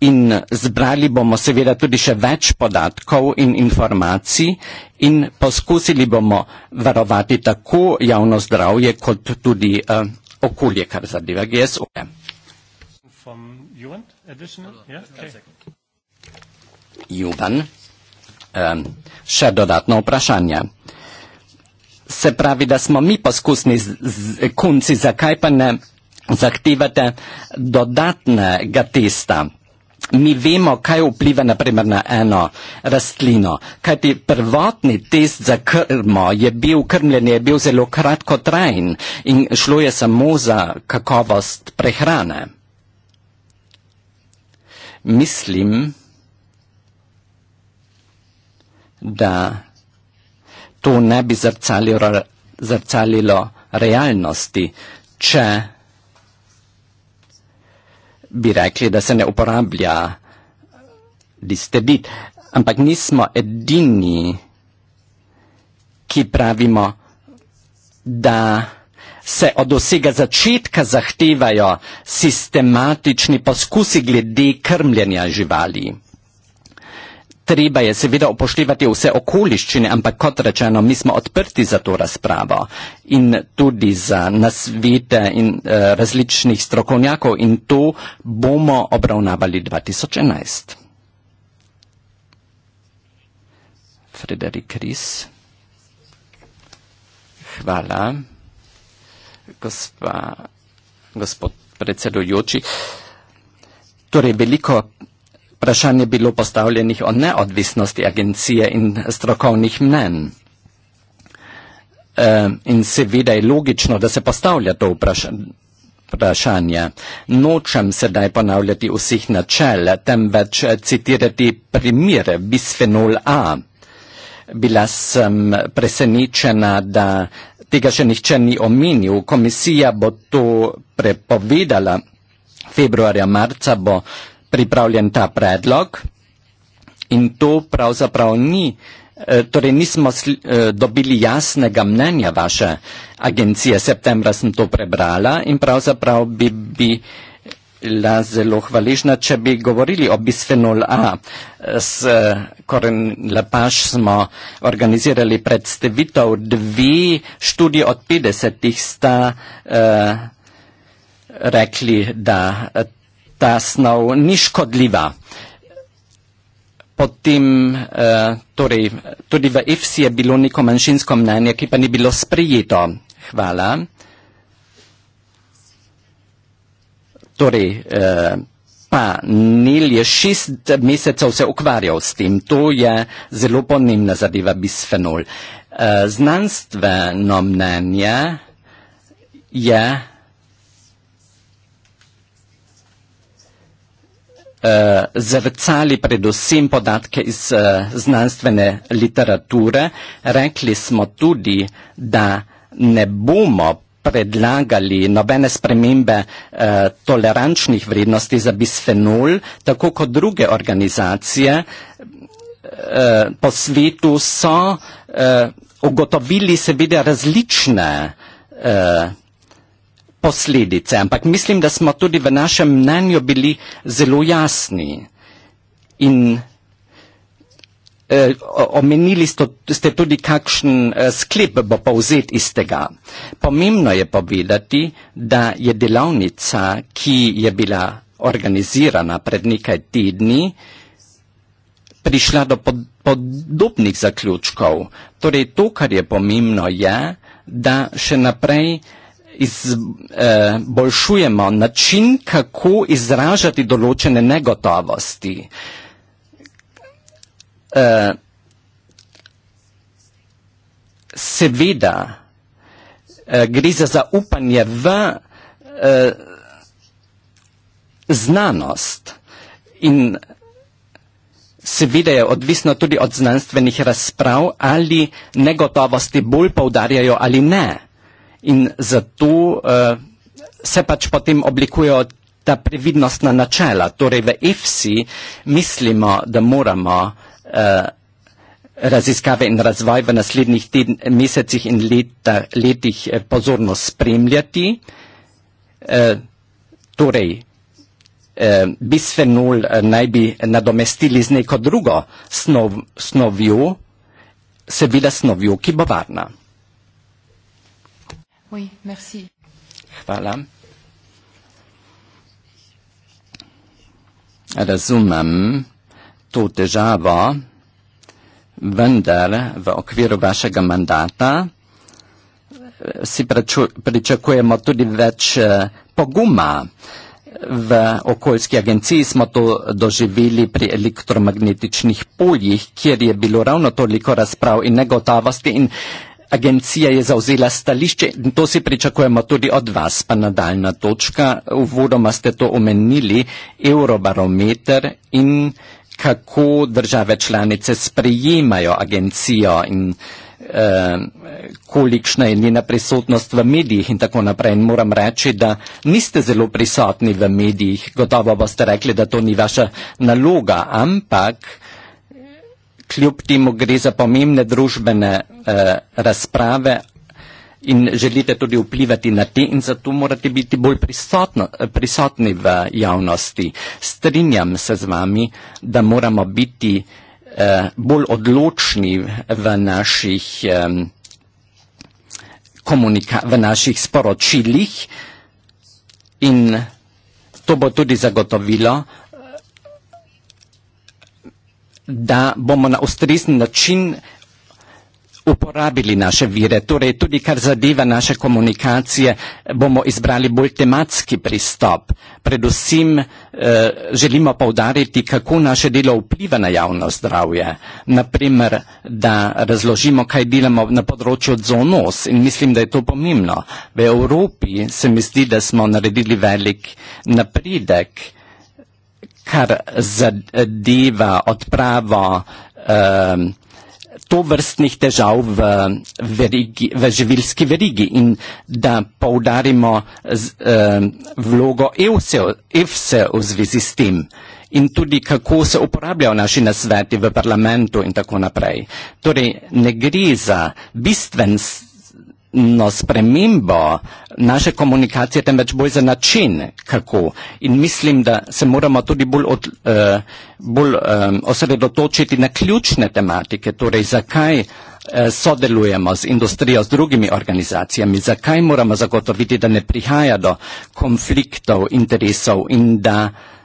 In zbrali bomo seveda tudi še več podatkov in informacij in poskusili bomo varovati tako javno zdravje kot tudi uh, okolje, kar zadeva GSO. Juvan, um, še dodatno vprašanje se pravi, da smo mi poskusni z, z, kunci, zakaj pa ne zahtevate dodatnega testa. Mi vemo, kaj vpliva naprimer na eno rastlino. Kajti prvotni test za krmo je bil, krmljenje je bil zelo kratkotrajen in šlo je samo za kakovost prehrane. Mislim, da to ne bi zrcalilo, zrcalilo realnosti, če bi rekli, da se ne uporablja listebit. Ampak nismo edini, ki pravimo, da se od vsega začetka zahtevajo sistematični poskusi glede krmljenja živali. Treba je seveda upoštevati vse okoliščine, ampak kot rečeno, mi smo odprti za to razpravo in tudi za nasvete in uh, različnih strokovnjakov in to bomo obravnavali 2011. Frederik Ries. Hvala. Gospa, gospod predsedujoči. Torej, veliko vprašanje bilo postavljenih o neodvisnosti agencije in strokovnih mnenj. E, in seveda je logično, da se postavlja to vprašanje. Nočem sedaj ponavljati vseh načel, temveč citirati primir bisfenol A. Bila sem presenečena, da tega še nihče ni omenil. Komisija bo to prepovedala. Februarja, marca bo pripravljen ta predlog in to pravzaprav ni, eh, torej nismo eh, dobili jasnega mnenja vaše agencije. Septembra sem to prebrala in pravzaprav bi bila zelo hvaležna, če bi govorili o bisfenol A. S eh, Koren Lepaš smo organizirali predstavitev dve študije od 50-ih sta uh, rekli, da ta snov ni škodljiva. Potem uh, torej, tudi v EFSI je bilo neko manjšinsko mnenje, ki pa ni bilo sprijeto. Hvala. Torej, uh, eh, pa Nil je šest mesecev se ukvarjal s tem. To je zelo pomembna zadeva bisfenol. Uh, znanstveno mnenje je. uh, zrcali predvsem podatke iz uh, znanstvene literature. Rekli smo tudi, da ne bomo predlagali nobene spremembe eh, tolerančnih vrednosti za bisfenol, tako kot druge organizacije eh, po svetu so eh, ugotovili seveda različne eh, posledice, ampak mislim, da smo tudi v našem mnenju bili zelo jasni in eh, omenili ste tudi, kakšen eh, sklep bo povzet iz tega. Pomembno je povedati, da je delavnica, ki je bila organizirana pred nekaj tedni, prišla do podobnih zaključkov. Torej, to, kar je pomembno, je, da še naprej vsega, izboljšujemo eh, način, kako izražati določene negotovosti. Eh, seveda eh, gre za zaupanje v eh, znanost in Seveda je odvisno tudi od znanstvenih razprav, ali negotovosti bolj poudarjajo ali ne in zato uh, se pač potem oblikujejo ta previdnostna načela. Torej v EFSI mislimo, da moramo uh, raziskave in razvoj v naslednjih tedn, mesecih in leta, letih eh, pozorno spremljati. Uh, torej, uh, bisfenol naj bi nadomestili z neko drugo snov, snovjo, seveda snovjo, ki bo varna. Oui, merci. Hvala. Razumem to težavo, vendar v okviru vašega mandata eh, si pričakujemo tudi več eh, poguma. V okoljski agenciji smo to doživili pri elektromagnetičnih poljih, kjer je bilo ravno toliko razprav in negotavosti in negotavosti. Agencija je zauzela stališče in to si pričakujemo tudi od vas. Pa nadaljna točka, uvodoma ste to omenili, eurobarometer in kako države članice sprejemajo agencijo in eh, kolikšna je njena prisotnost v medijih in tako naprej. In moram reči, da niste zelo prisotni v medijih. Gotovo boste rekli, da to ni vaša naloga, ampak eh, kljub temu gre za pomembne družbene eh, razprave in želite tudi vplivati na te in zato morate biti bolj prisotno, prisotni v javnosti. Strinjam se z vami, da moramo biti eh, bolj odločni v naših, eh, v naših sporočilih in to bo tudi zagotovilo, da bomo na ustrezen način uporabili naše vire. Torej, tudi kar zadeva naše komunikacije, bomo izbrali bolj tematski pristop. Predvsem eh, želimo povdariti, kako naše delo vpliva na javno zdravje. Naprimer, da razložimo, kaj delamo na področju zonos in mislim, da je to pomembno. V Evropi se mi zdi, da smo naredili velik napredek kar zadeva odpravo um, ehm, to vrstnih težav v, verigi, v živilski verigi in da poudarimo z, um, vlogo EFSE v zvezi s tem in tudi kako se uporabljajo naši nasveti v parlamentu in tako naprej. Torej ne gre za bistven no spremembo naše komunikacije, temveč bolj za način, kako. In mislim, da se moramo tudi bolj, od, eh, bolj eh, osredotočiti na ključne tematike, torej zakaj eh, sodelujemo z industrijo, z drugimi organizacijami, zakaj moramo zagotoviti, da ne prihaja do konfliktov interesov in da eh,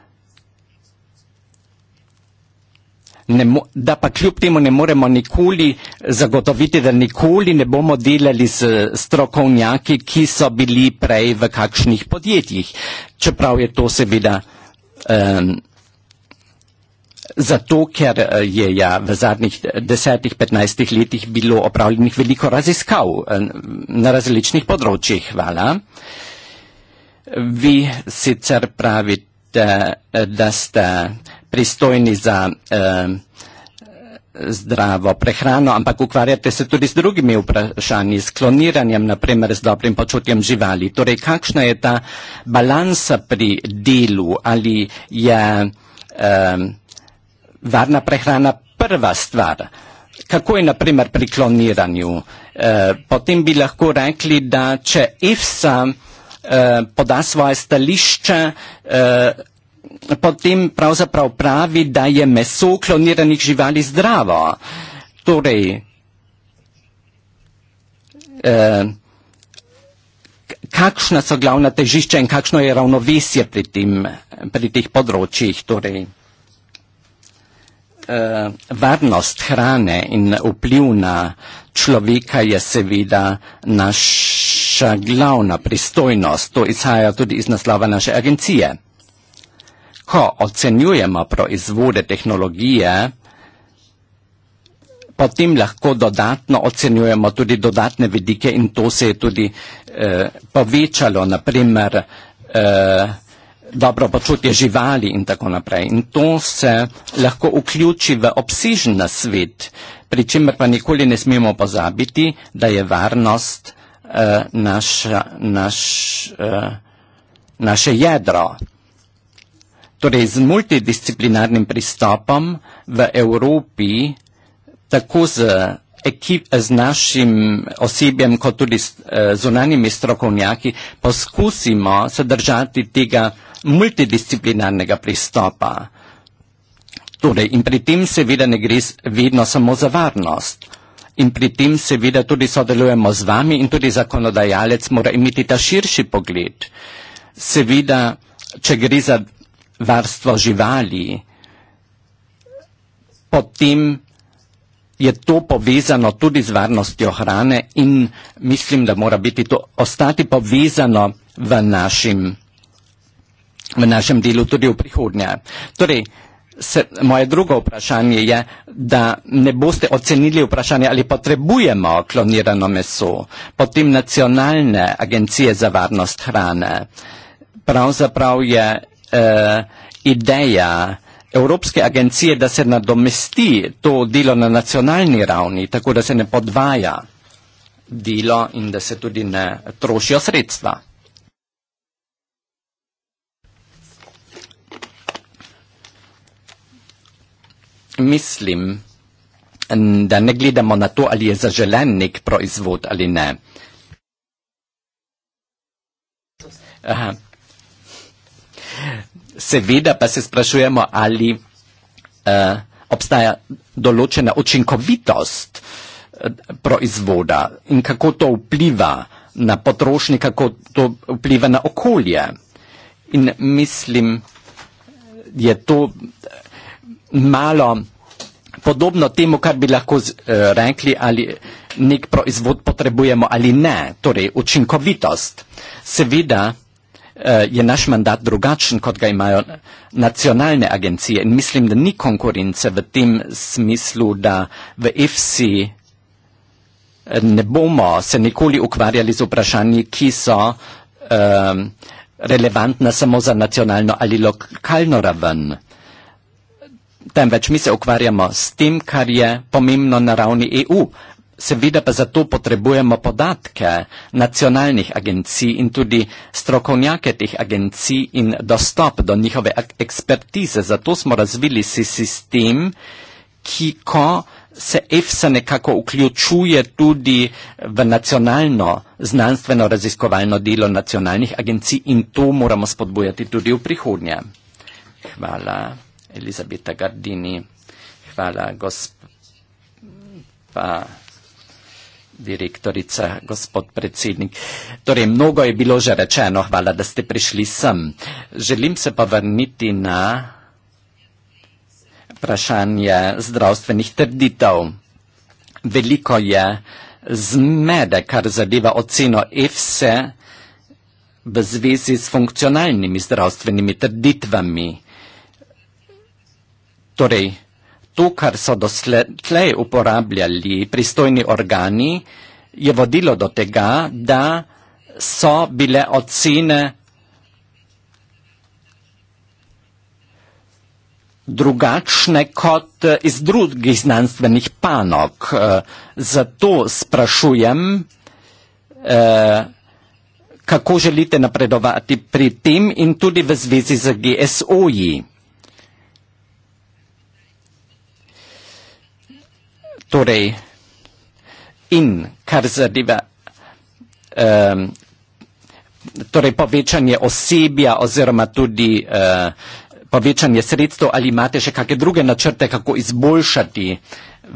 ne mo, da pa kljub temu ne moremo nikoli zagotoviti, da nikoli ne bomo delali z strokovnjaki, ki so bili prej v kakšnih podjetjih. Čeprav je to seveda um, zato, ker je ja, v zadnjih desetih, petnajstih letih bilo opravljenih veliko raziskav na različnih področjih. Hvala. Vi sicer pravite, da ste pristojni za eh, zdravo prehrano, ampak ukvarjate se tudi z drugimi vprašanji, s kloniranjem, naprimer z dobrim počutjem živali. Torej, kakšna je ta balansa pri delu? Ali je eh, varna prehrana prva stvar? Kako je naprimer pri kloniranju? Eh, potem bi lahko rekli, da če EFSA eh, poda svoje stališče, eh, potem pravzaprav pravi, da je meso kloniranih živali zdravo. Torej, eh, kakšna so glavna težišča in kakšno je ravnovesje pri, tem, pri teh področjih? Torej, eh, varnost hrane in vpliv na človeka je seveda naša glavna pristojnost. To izhaja tudi iz naslova naše agencije ko ocenjujemo proizvode tehnologije, potem lahko dodatno ocenjujemo tudi dodatne vidike in to se je tudi eh, povečalo, naprimer, eh, dobro počutje živali in tako naprej. In to se lahko vključi v obsižen svet, pri čemer pa nikoli ne smemo pozabiti, da je varnost eh, naša, naš, eh, naše jedro. Torej, z multidisciplinarnim pristopom v Evropi, tako z, ekip, z našim osebjem, kot tudi z eh, zunanimi strokovnjaki, poskusimo se držati tega multidisciplinarnega pristopa. Torej, in pri tem seveda ne gre vedno samo za varnost. In pri tem seveda tudi sodelujemo z vami in tudi zakonodajalec mora imeti ta širši pogled. Seveda, če gre za varstvo živali. Potem je to povezano tudi z varnostjo hrane in mislim, da mora biti to ostati povezano v našem, v našem delu tudi v prihodnje. Torej, se, moje drugo vprašanje je, da ne boste ocenili vprašanje, ali potrebujemo klonirano meso, potem nacionalne agencije za varnost hrane. Pravzaprav je eh, ideja Evropske agencije, da se nadomesti to delo na nacionalni ravni, tako da se ne podvaja delo in da se tudi ne trošijo sredstva. Mislim, da ne gledamo na to, ali je zaželen nek proizvod ali ne. Aha. Seveda pa se sprašujemo, ali uh, obstaja določena učinkovitost eh, proizvoda in kako to vpliva na potrošnje, kako to vpliva na okolje. In mislim, je to eh, malo podobno temu, kar bi lahko z, uh, rekli, ali nek proizvod potrebujemo ali ne, torej učinkovitost. Seveda, Eh, je naš mandat drugačen, kot ga imajo nacionalne agencije. In mislim, da ni konkurence v tem smislu, da v EFSI eh, ne bomo se nikoli ukvarjali z vprašanji, ki so um, relevantna samo za nacionalno ali lokalno raven. Temveč mi se ukvarjamo s tem, kar je pomembno na ravni EU. Seveda pa zato potrebujemo podatke nacionalnih agencij in tudi strokovnjake teh agencij in dostop do njihove ekspertize. Zato smo razvili si sistem, ki ko se EFSA nekako vključuje tudi v nacionalno znanstveno raziskovalno delo nacionalnih agencij in to moramo spodbujati tudi v prihodnje. Hvala, Elizabeta Gardini. Hvala, gospod direktorica, gospod predsednik. Torej, mnogo je bilo že rečeno, hvala, da ste prišli sem. Želim se pa vrniti na vprašanje zdravstvenih trditev. Veliko je zmede, kar zadeva oceno EFSE v zvezi s funkcionalnimi zdravstvenimi trditvami. Torej, to, kar so doslej uporabljali pristojni organi, je vodilo do tega, da so bile ocene drugačne kot iz drugih znanstvenih panog. E, zato sprašujem, e, kako želite napredovati pri tem in tudi v zvezi z GSO-ji. torej in kar zadeva um, torej povečanje osebja oziroma tudi uh, povečanje sredstev ali imate še kakšne druge načrte, kako izboljšati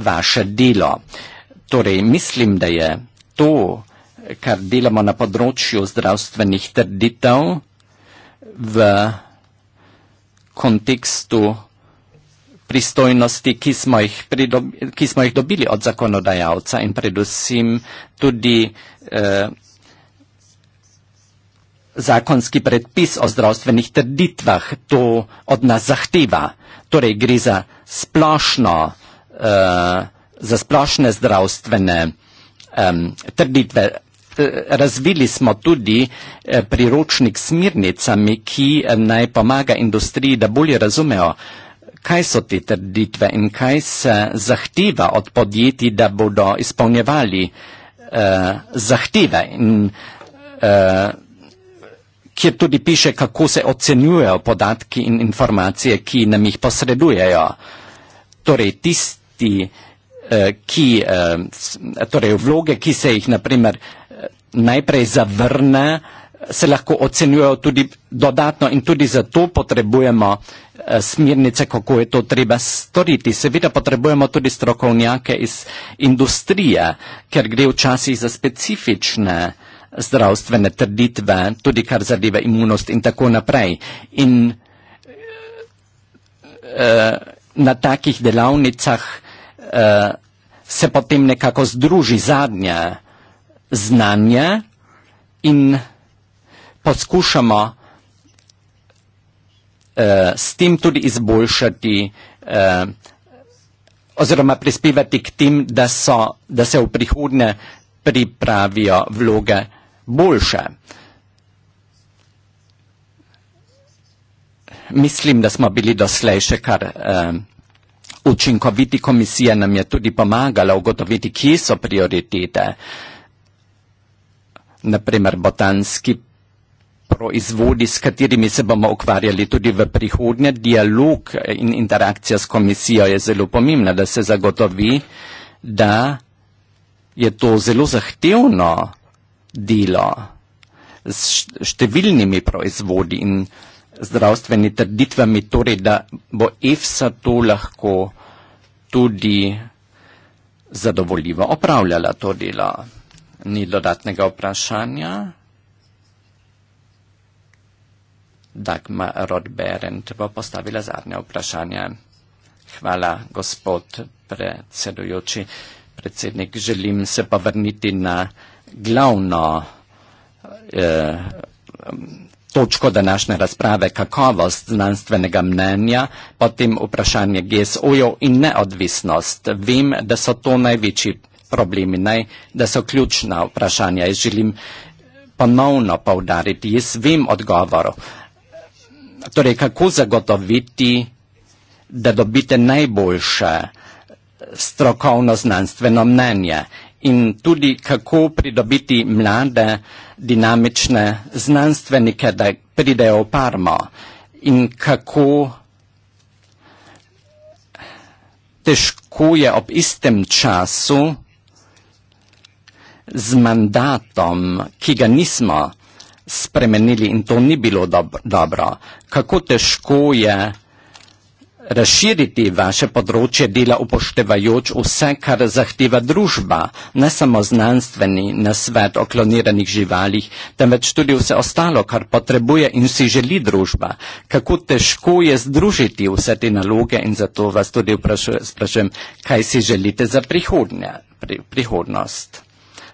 vaše delo. Torej, mislim, da je to, kar delamo na področju zdravstvenih trditev v kontekstu pristojnosti, ki smo jih, pridob, ki smo jih dobili od zakonodajalca in predvsem tudi eh, zakonski predpis o zdravstvenih trditvah to od nas zahteva. Torej gre za, splošno, eh, za splošne zdravstvene eh, trditve. Razvili smo tudi eh, priročnik s smirnicami, ki eh, naj pomaga industriji, da bolje razumejo eh, kaj so te trditve in kaj se zahteva od podjetij, da bodo izpolnjevali uh, zahteve in uh, kjer tudi piše, kako se ocenjujejo podatki in informacije, ki nam jih posredujejo. Torej, tisti, uh, ki, uh, torej vloge, ki se jih naprimer najprej zavrne, se lahko ocenjujejo tudi dodatno in tudi zato potrebujemo uh, Eh, smernice, kako je to treba storiti. Seveda potrebujemo tudi strokovnjake iz industrije, ker gre včasih za specifične zdravstvene trditve, tudi kar zadeva imunost in tako naprej. In uh, na takih delavnicah uh, se potem nekako združi zadnje znanje in poskušamo uh, Eh, s tem tudi izboljšati eh, oziroma prispevati k tem, da se v prihodnje pripravijo vloge boljše. Mislim, da smo bili doslej še kar eh, učinkoviti komisija nam je tudi pomagala ugotoviti, kje so prioritete. Naprimer, botanski proizvodi, s katerimi se bomo ukvarjali tudi v prihodnje. Dialog eh, in interakcija s komisijo je zelo pomembna, da se zagotovi, da je to zelo zahtevno delo s številnimi proizvodi in zdravstveni trditvami, torej da bo EFSA to lahko tudi zadovoljivo opravljala to delo. Ni dodatnega vprašanja. Dagma Rodberend bo postavila zadnje vprašanje. Hvala, gospod predsedujoči. Predsednik, želim se pa vrniti na glavno eh, točko današnje razprave, kakovost znanstvenega mnenja, potem vprašanje GSO-jev in neodvisnost. Vem, da so to največji problemi, naj, da so ključna vprašanja. Jaz želim ponovno povdariti, jaz vem odgovor. Torej, kako zagotoviti, da dobite najboljše eh, strokovno znanstveno mnenje in tudi kako pridobiti mlade, dinamične znanstvenike, da pridejo v Parmo in kako težko je ob istem času z mandatom, ki ga nismo vsega, spremenili in to ni bilo dob dobro. Kako težko je razširiti vaše področje dela upoštevajoč vse, kar zahteva družba, ne samo znanstveni na svet o kloniranih živalih, temveč tudi vse ostalo, kar potrebuje in si želi družba. Kako težko je združiti vse te naloge in zato vas tudi vprašujem, kaj si želite za prihodnje, pri, prihodnost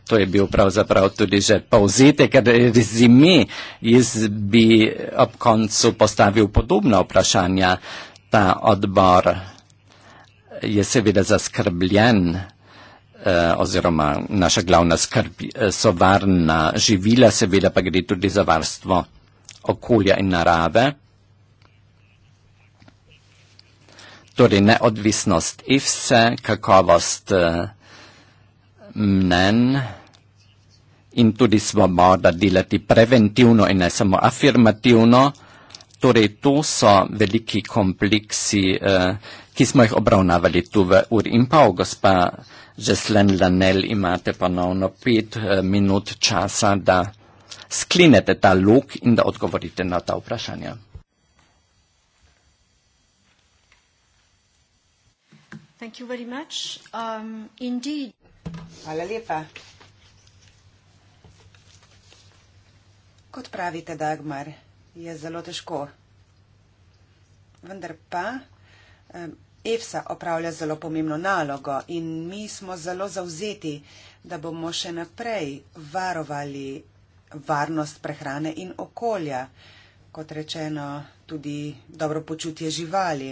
to je bil pravzaprav tudi že povzetek rezime, jaz bi ob koncu postavil podobno vprašanje. Ta odbor je seveda zaskrbljen eh, oziroma naša glavna skrb eh, so varna živila, seveda pa gre tudi za varstvo okolja in narave. Torej neodvisnost EFSE, kakovost uh, men in tudi svoboda delati preventivno in ne samo afirmativno. Torej, to so veliki kompleksi, eh, ki smo jih obravnavali tu v ur in pol. Gospa Žeslen Lanel, imate ponovno pet eh, minut časa, da sklinete ta luk in da odgovorite na ta vprašanja. Thank you very much. Um, indeed. Hvala lepa. Kot pravite, Dagmar, je zelo težko. Vendar pa EFSA opravlja zelo pomembno nalogo in mi smo zelo zauzeti, da bomo še naprej varovali varnost prehrane in okolja, kot rečeno, tudi dobro počutje živali.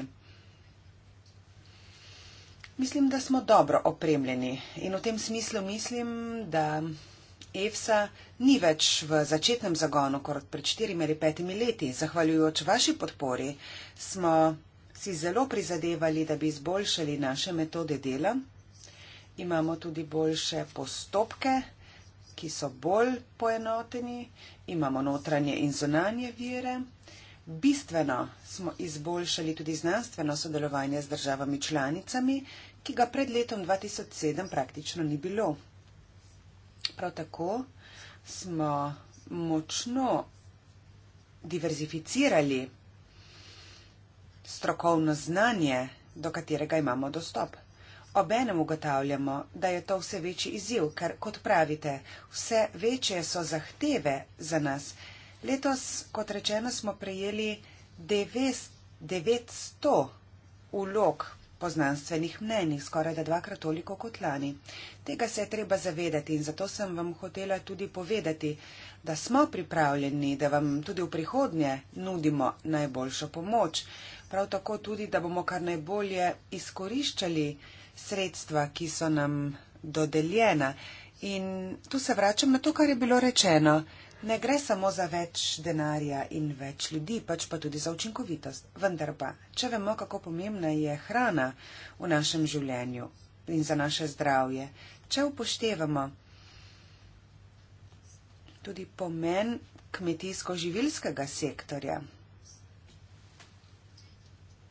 Mislim, da smo dobro opremljeni in v tem smislu mislim, da EFSA ni več v začetnem zagonu kot pred štirimi ali petimi leti. Zahvaljujoč vaši podpori smo si zelo prizadevali, da bi izboljšali naše metode dela. Imamo tudi boljše postopke, ki so bolj poenoteni, imamo notranje in zunanje vire. Bistveno smo izboljšali tudi znanstveno sodelovanje z državami članicami, ki ga pred letom 2007 praktično ni bilo. Prav tako smo močno diverzificirali strokovno znanje, do katerega imamo dostop. Obenem ugotavljamo, da je to vse večji izziv, ker, kot pravite, vse večje so zahteve za nas. Letos, kot rečeno, smo prejeli 900 vlog po znanstvenih mnenjih, skoraj da dvakrat toliko kot lani. Tega se je treba zavedati in zato sem vam hotela tudi povedati, da smo pripravljeni, da vam tudi v prihodnje nudimo najboljšo pomoč, prav tako tudi, da bomo kar najbolje izkoriščali sredstva, ki so nam dodeljena. In tu se vračam na to, kar je bilo rečeno ne gre samo za več denarja in več ljudi, pač pa tudi za učinkovitost. Vendar pa, če vemo, kako pomembna je hrana v našem življenju in za naše zdravje, če upoštevamo tudi pomen kmetijsko-živilskega sektorja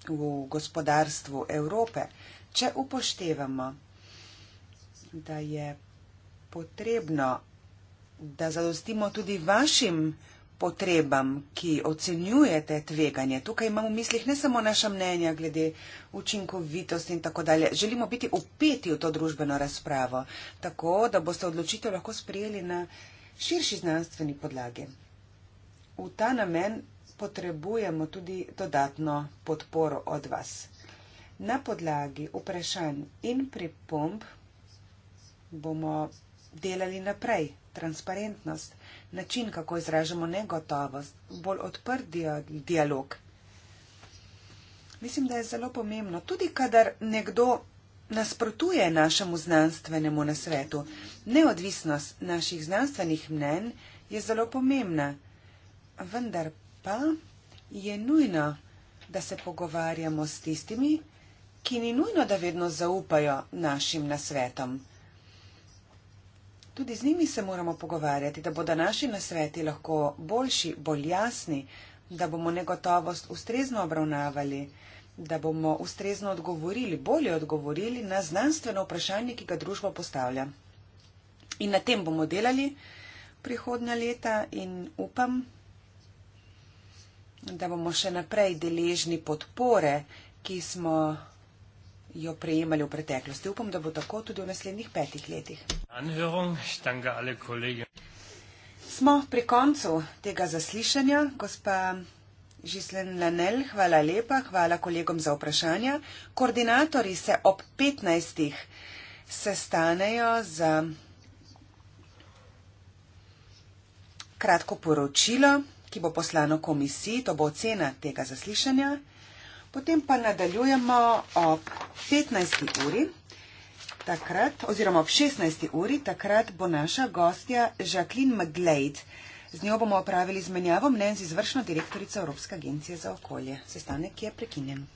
v gospodarstvu Evrope, če upoštevamo, da je potrebno da zadostimo tudi vašim potrebam, ki ocenjujete tveganje. Tukaj imamo v mislih ne samo naša mnenja glede učinkovitosti in tako dalje. Želimo biti upeti v to družbeno razpravo, tako da boste odločitev lahko sprijeli na širši znanstveni podlagi. V ta namen potrebujemo tudi dodatno podporo od vas. Na podlagi vprašanj in pripomb bomo delali naprej transparentnost, način, kako izražamo negotovost, bolj odprt dialog. Mislim, da je zelo pomembno, tudi kadar nekdo nasprotuje našemu znanstvenemu nasvetu. Neodvisnost naših znanstvenih mnen je zelo pomembna, vendar pa je nujno, da se pogovarjamo s tistimi, ki ni nujno, da vedno zaupajo našim nasvetom. Tudi z njimi se moramo pogovarjati, da bodo naši nasveti lahko boljši, bolj jasni, da bomo negotovost ustrezno obravnavali, da bomo ustrezno odgovorili, bolje odgovorili na znanstveno vprašanje, ki ga družba postavlja. In na tem bomo delali prihodnja leta in upam, da bomo še naprej deležni podpore, ki smo jo prejemali v preteklosti. Upam, da bo tako tudi v naslednjih petih letih. Smo pri koncu tega zaslišanja. Gospa Žislen Lanel, hvala lepa, hvala kolegom za vprašanja. Koordinatori se ob 15. sestanejo za kratko poročilo, ki bo poslano komisiji, to bo ocena tega zaslišanja. Potem pa nadaljujemo ob 15. uri, takrat, oziroma ob 16. uri, takrat bo naša gostja Jacqueline McGlade. Z njo bomo opravili izmenjavo mnen z izvršno direktorico Evropske agencije za okolje. Sestanek je prekinjen.